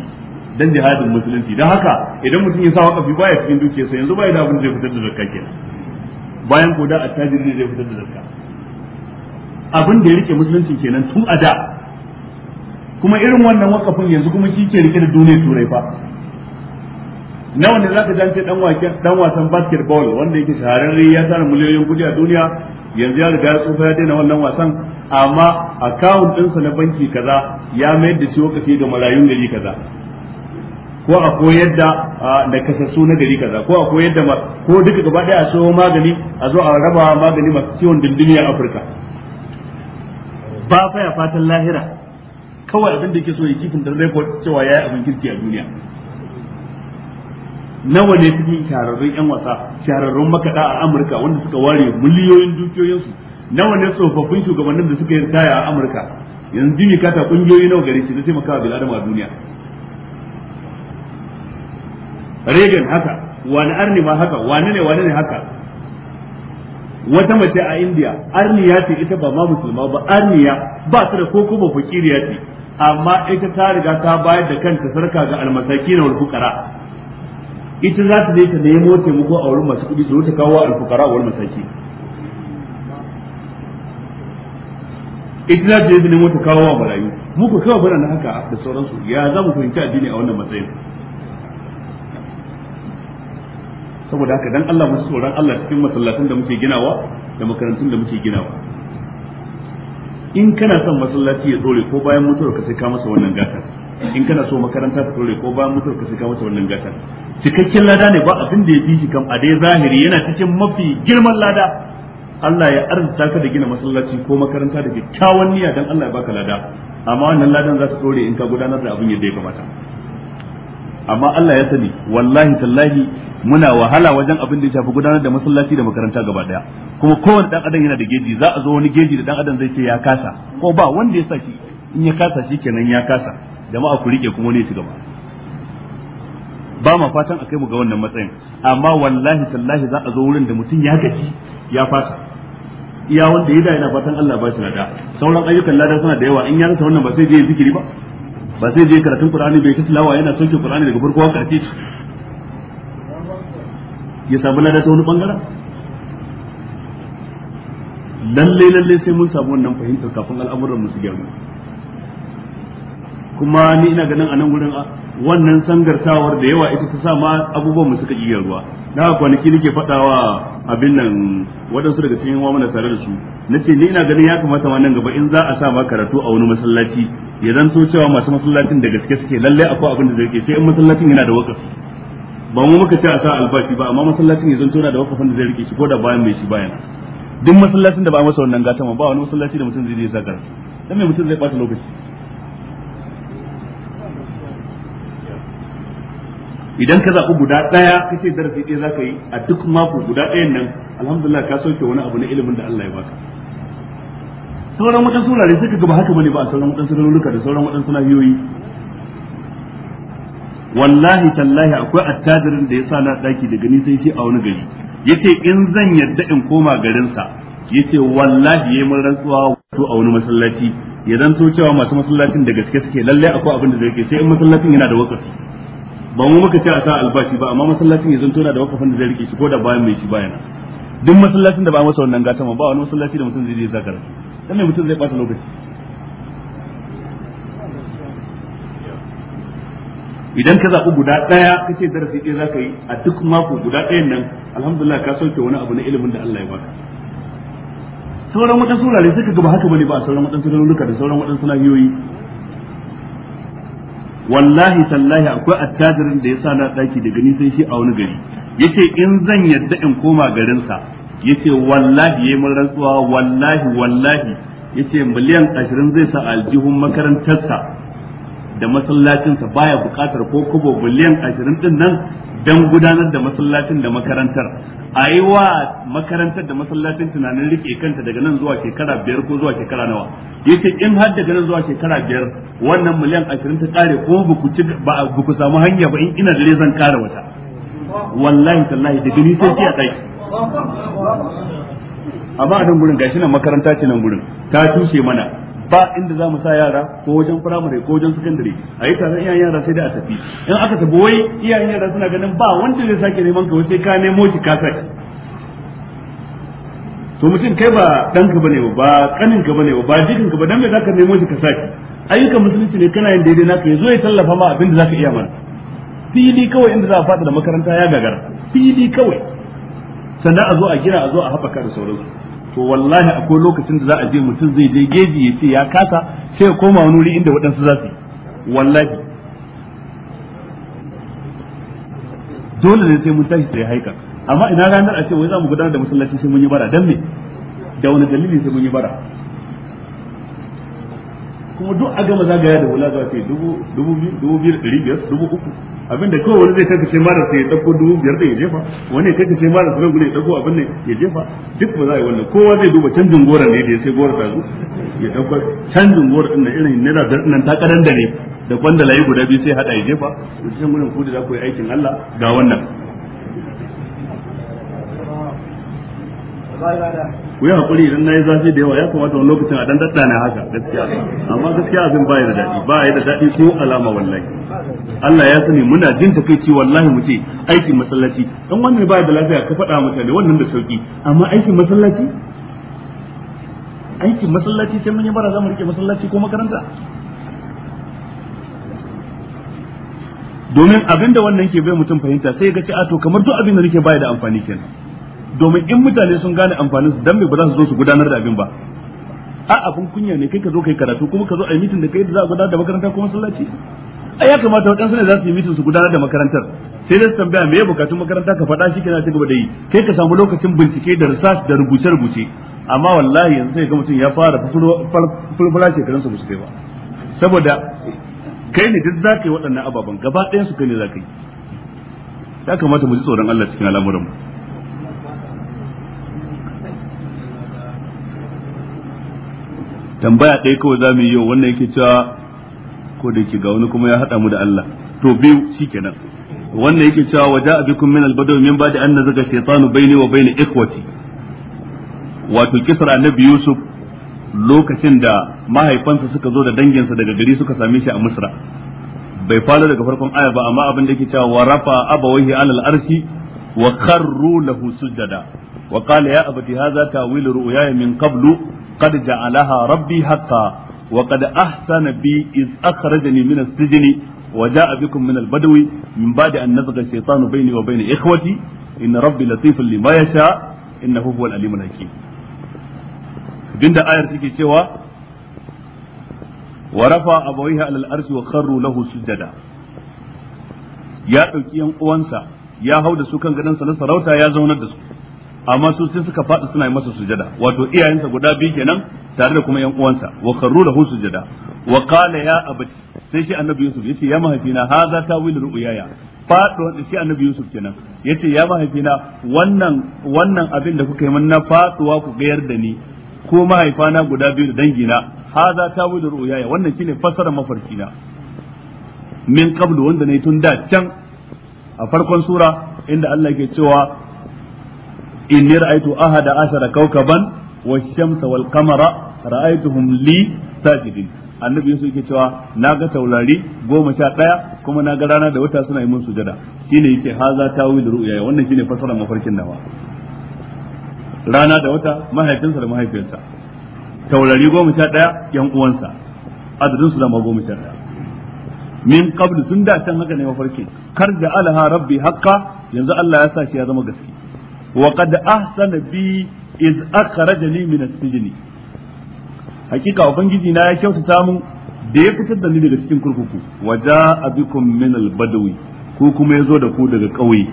dan jihadin musulunci dan haka idan mutum ya sa wakafi ba ya cikin dukiyarsa yanzu baya da abin da zai fitar da zakka kenan bayan ko a attajiri ne zai fitar da zakka abin da ya rike musulunci kenan tun a da kuma irin wannan wakafin yanzu kuma shi ke rike da duniyar turai fa nawa ne zata jance dan wasan basketball wanda yake shahararre ya tara miliyoyin kudi a duniya yanzu ya riga ya tsufa ya daina wannan wasan amma akawun ɗinsa na banki kaza ya mayar da shi wakafi ga marayun gari kaza ko a koyar da da kasassu na gari kaza ko a koyar da ko duka gaba daya a so magani a zo a raba magani masu ciwon a Afirka ba fa ya fatan lahira kawai abin da yake so ya kifin da record cewa yayi abin kirki a duniya nawa ne cikin shahararrun yan wasa shahararrun makaɗa a Amurka wanda suka ware miliyoyin dukiyoyinsu nawa ne tsofaffin shugabannin da suka yi a Amurka yanzu jimi kata kungiyoyi nawa ce shi na wa bil'adama a duniya reagan haka wani arni ma haka wani ne wani ne haka wata mace a arni ya ce ita ba ma musulma ba arniya ba su da koko ba ya ce amma ita ta riga ta bayar da kanta sarka ga almasaki na walfukara ita za ta je ta nemo taimako a wurin masu kuɗi ta kawo alfukara wal masaki ita za ta je ta nemo ta kawo wa marayu muku kawai bana na haka da sauransu ya za mu fahimci addini a wannan matsayin saboda haka dan Allah musu tsoron Allah cikin masallacin da muke ginawa da makarantun da muke ginawa in kana son masallaci ya dore ko bayan mutuwar ka sai ka masa wannan gata in kana so makaranta ta dore ko bayan mutuwar ka sai ka masa wannan gata cikakken lada ne ba abin da ya fi shi kam a dai zahiri yana cikin mafi girman lada Allah ya arzuta ka da gina masallaci ko makaranta da kyakkyawan niyya dan Allah ya baka lada amma wannan ladan za ta dore in ka gudanar da abin yadda ya kamata amma Allah ya sani wallahi tallahi muna wahala wajen abin da ya shafi gudanar da masallaci da makaranta gaba daya kuma kowane dan adam yana da geji za a zo wani geji da dan adam zai ce ya kasa ko ba wanda ya saki in ya kasa shi kenan ya kasa jama'a ku rike kuma ne ci gaba ba ma fatan a kai mu ga wannan matsayin amma wallahi tallahi za a zo wurin da mutum ya gaji ya fasa iya wanda ya da yana fatan Allah ba shi nada sauran ayyukan ladan suna da yawa in ya rasa wannan ba sai je zikiri ba ba sai je karatun qur'ani bai ta lawa yana soke qur'ani daga farko har karshe ya samu da ta wani bangaren lalle lalle sai mun samu wannan fahimtar kafin al'amuran mu su gyaru kuma ni ina ganin a nan gurin a wannan sangartawar da yawa ita ta sa ma abubuwan mu suka iya ruwa na kwanaki nake faɗawa abin nan waɗansu daga cikin wamana tare da su nace ni ina ganin ya kamata ma nan gaba in za a sa ma karatu a wani masallaci ya zanto cewa masu masallacin da gaske suke lallai akwai abin da zai sai in masallacin yana da wakafi ba mu muka ce a sa albashi ba amma masallacin ya zanto yana da wakafin da zai rike shi ko da bayan mai shi bayan duk masallacin da ba masa wannan gata ma ba wani masallaci da mutum zai je zakar sa karatu dan me mutum zai ɓata lokaci idan ka zaɓi guda ɗaya ka ce darasi ɗaya za ka yi a duk mako guda ɗayan nan alhamdulillah ka sauke wani abu na ilimin da Allah ya baka sauran waɗansu wurare suka gaba haka bane ba a sauran waɗansu garuruka da sauran waɗansu nahiyoyi wallahi tallahi akwai attajirin da ya sa na daki daga ni shi a wani gari yace in zan yadda in koma garinsa yace wallahi yayi mun rantsuwa wato a wani masallaci ya zanto cewa masu masallacin da gaske suke lalle akwai abin da zai ke sai in masallacin yana da wakafi ba mu muka ce a sa albashi ba amma masallacin ya zanto na da wakafin da zai rike shi ko da bayan mai shi bayan duk masallacin da ba masa wannan gata ma ba wani masallaci da mutum zai je zakar dan ne mutum zai bata lokaci idan ka zaɓi guda ɗaya ka ce darasi ɗaya za ka yi a duk mako guda ɗayan nan alhamdulillah ka sauke wani abu na ilimin da Allah ya baka sauran waɗansu wurare suka gaba haka bane ba a sauran waɗansu garuruka da sauran waɗansu nahiyoyi wallahi sallahi akwai attajirin da ya sa na daki daga ni sai shi a wani gari yace in zan yadda in koma garin sa yace wallahi yayi mun rantsuwa wallahi wallahi yace miliyan 20 zai sa aljihun makarantarsa da masallacinsa baya bukatar ko kubo biliyan ashirin din nan don gudanar da masallacin da makarantar a yi wa makarantar da masallacin tunanin rike kanta daga nan zuwa shekara biyar ko zuwa shekara nawa yace in har daga nan zuwa shekara biyar wannan miliyan ashirin ta kare ko ba ku samu hanya ba in ina da zan kara wata wallahi tallahi da gani sai ki a kai amma a nan gurin gashi nan makaranta ce nan gurin ta tushe mana ba inda za mu sa yara ko wajen firamare ko wajen sakandare a yi taron iyayen yara sai da a tafi in aka tafi wai iyayen yara suna ganin ba wanda zai sake neman ka sai ka nemo shi ka sake to mutum kai ba ɗanka bane ba ba ka bane ba ba jikinka ba dan me zaka nemo shi ka sake ayyukan musulunci ne kana yin daidai naka yazo ya tallafa ma abin da zaka iya mana fili kawai inda za a fada da makaranta ya gagara fili kawai sannan a zo a gina a zo a haɓaka da sauransu to wallahi akwai lokacin da za a je mutum zai je geji ya ce ya kasa sai ya koma wani wuri inda waɗansu za su yi wallahi dole ne sai mun tashi sai haika amma ina ranar a ce wai za mu gudanar da masallaci sai mun yi bara dan me da wani dalili sai mun yi bara kuma duk a gama zagaya da wula za su yi dubu biyar ɗari biyar dubu uku abinda kawai wani zai kakashe mara sai ya ɗauko dubu biyar da ya jefa wani ya kakashe marar sai gudu ya ɗauko abin da ya jefa duk ba za a yi wannan kowa zai duba canjin goron ne da ya sai goron tazu ya ɗauko canjin goron ɗin na irin naira nan ta karan da ne da kwanda layi guda biyu sai haɗa ya jefa da cikin gudun kudi za ku yi aikin Allah ga wannan. ku yi hakuri idan na yi zafi da yawa ya kamata wani lokacin a dandatta ne haka gaskiya amma gaskiya abin ba ya da daɗi ba da daɗi ko alama wallahi Allah ya sani muna jin ci wallahi mu ce aikin masallaci dan wannan ba da lafiya ka faɗa mutane wannan da sauki amma aikin masallaci aikin masallaci sai mun yi bara zamu rike masallaci ko makaranta domin abinda wannan ke bai mutum fahimta sai ga ce a to kamar duk abin da nake bai da amfani kenan domin in mutane sun gane amfanin su dan me ba za su zo su gudanar da abin ba a abin kunya ne kai ka zo kai karatu kuma ka zo a yi mitin da kai da za a gudanar da makaranta kuma sallaci a ya kamata waɗansu ne za su yi mitin su gudanar da makarantar sai dai su tambaya me bukatun makaranta ka faɗa shi na ci gaba da yi kai ka samu lokacin bincike da research da rubuce rubuce amma wallahi yanzu sai ga mutum ya fara fulfula shekarunsa ba su kai ba saboda kai ne duk za ka yi waɗannan ababen gaba ɗayan su kai ne za ka yi ya kamata mu ji tsoron Allah cikin al'amuranmu tambaya ɗaya kawai za mu yi yau wannan yake cewa ko da ki ga wani kuma ya haɗa mu da Allah to biyu shikenan wannan yake cewa waja bikum min al-badaw min ba'di an nazaga shaytanu baini wa baini ikhwati wato kisar annabi Yusuf lokacin da mahaifansa suka zo da danginsa daga gari suka same shi a Misra bai fara daga farkon aya ba amma abin da yake cewa wa rafa abawaihi alal arshi wa kharru lahu sujada wa qala ya abati hadha ta'wilu ru'yaya min qablu qad ja'alaha rabbi haka, wa qad ahsana bi iz akhrajani min as-sijni wa ja'a bikum min al-badwi min ba'di an nazagha shaytanu bayni wa bayna ikhwati inna rabbi latifun lima yasha innahu huwal alimul hakim binda ayar take cewa warafa rafa abawaiha alal arshi wa kharru lahu sujada ya ɗauki yan uwansa ya hau da su kan gadansa na sarauta ya zaunar da su amma su sai suka faɗi suna yi masa sujada wato iyayensa guda biyu kenan tare da kuma yan uwansa wa karru lahu sujada wa qala ya abati sai shi annabi yusuf yace ya mahaifina hadha tawil ru'yaya faɗo da shi annabi yusuf kenan yace ya mahaifina wannan wannan abin da kuka yi min na faɗuwa ku gayar da ni ko mahaifana guda biyu da dangina hadha tawil ru'yaya wannan shine fassarar mafarkina min qablu wanda ne tun da can a farkon sura inda Allah ke cewa inni ra'aytu ahada ashara kawkaban wash-shamsa wal-qamara ra'aytuhum li sajidin annabi yusuf yake cewa na ga taurari goma sha ɗaya kuma na ga rana da wata suna yi mun sujada shine yake haza tawil ru'ya wannan shine fasara mafarkin nawa rana da wata mahaifinsa da mahaifiyarsa taurari goma sha ɗaya yan uwansa adadin su zama goma sha ɗaya min qabl tun da can haka ne mafarkin kar da alaha rabbi haqqa yanzu Allah ya sa shi ya zama gaske wa qad ahsana bi iz akhrajani min as-sijn hakika ubangiji na ya kyautata mun da ya fitar da ni daga cikin kurkuku wa jaa bikum min al-badwi ko kuma yazo da ku daga ƙauye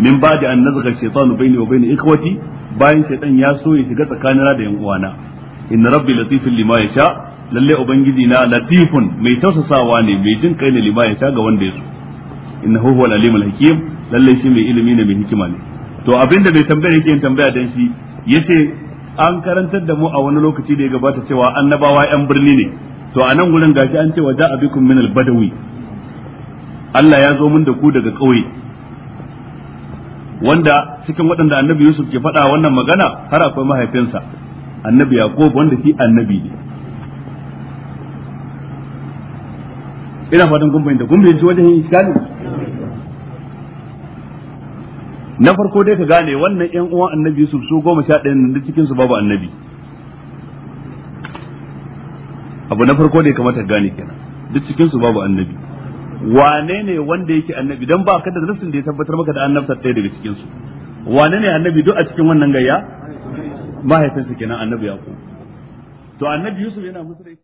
min ba da an nazga shaytanu baini wa baini bayan shaytan ya so ya shiga tsakanina da yan uwana inna rabbi latifin lima lallai lalle ubangiji na latifin mai tausasawa ne mai jin kai ne lima yasha ga wanda ya so innahu huwal alimul hakim lallai shi mai ilimi ne mai hikima ne to abinda mai tambaya yake yin tambaya dan shi yace an karantar da mu a wani lokaci da ya gabata cewa annabawa yan birni ne to a nan gurin gashi an ce wa ja'a bikum min albadawi Allah ya zo mun da ku daga ƙauye wanda cikin waɗanda annabi Yusuf ke faɗa wannan magana har akwai mahaifinsa annabi Yaqub wanda shi annabi ne ina fatan kun fahimta kun fahimci wajen iskani na farko dai ka gane wannan yan uwan annabi Yusuf su goma sha ɗaya da cikin su babu annabi abu na farko dai kamata gane kenan duk cikin su babu annabi wane ne wanda yake annabi dan ba ka da nassin da ya tabbatar maka da annabta ɗaya daga cikin su wane ne annabi duk a cikin wannan gayya mahaifinsa kenan annabi yaqub to annabi yusuf yana musu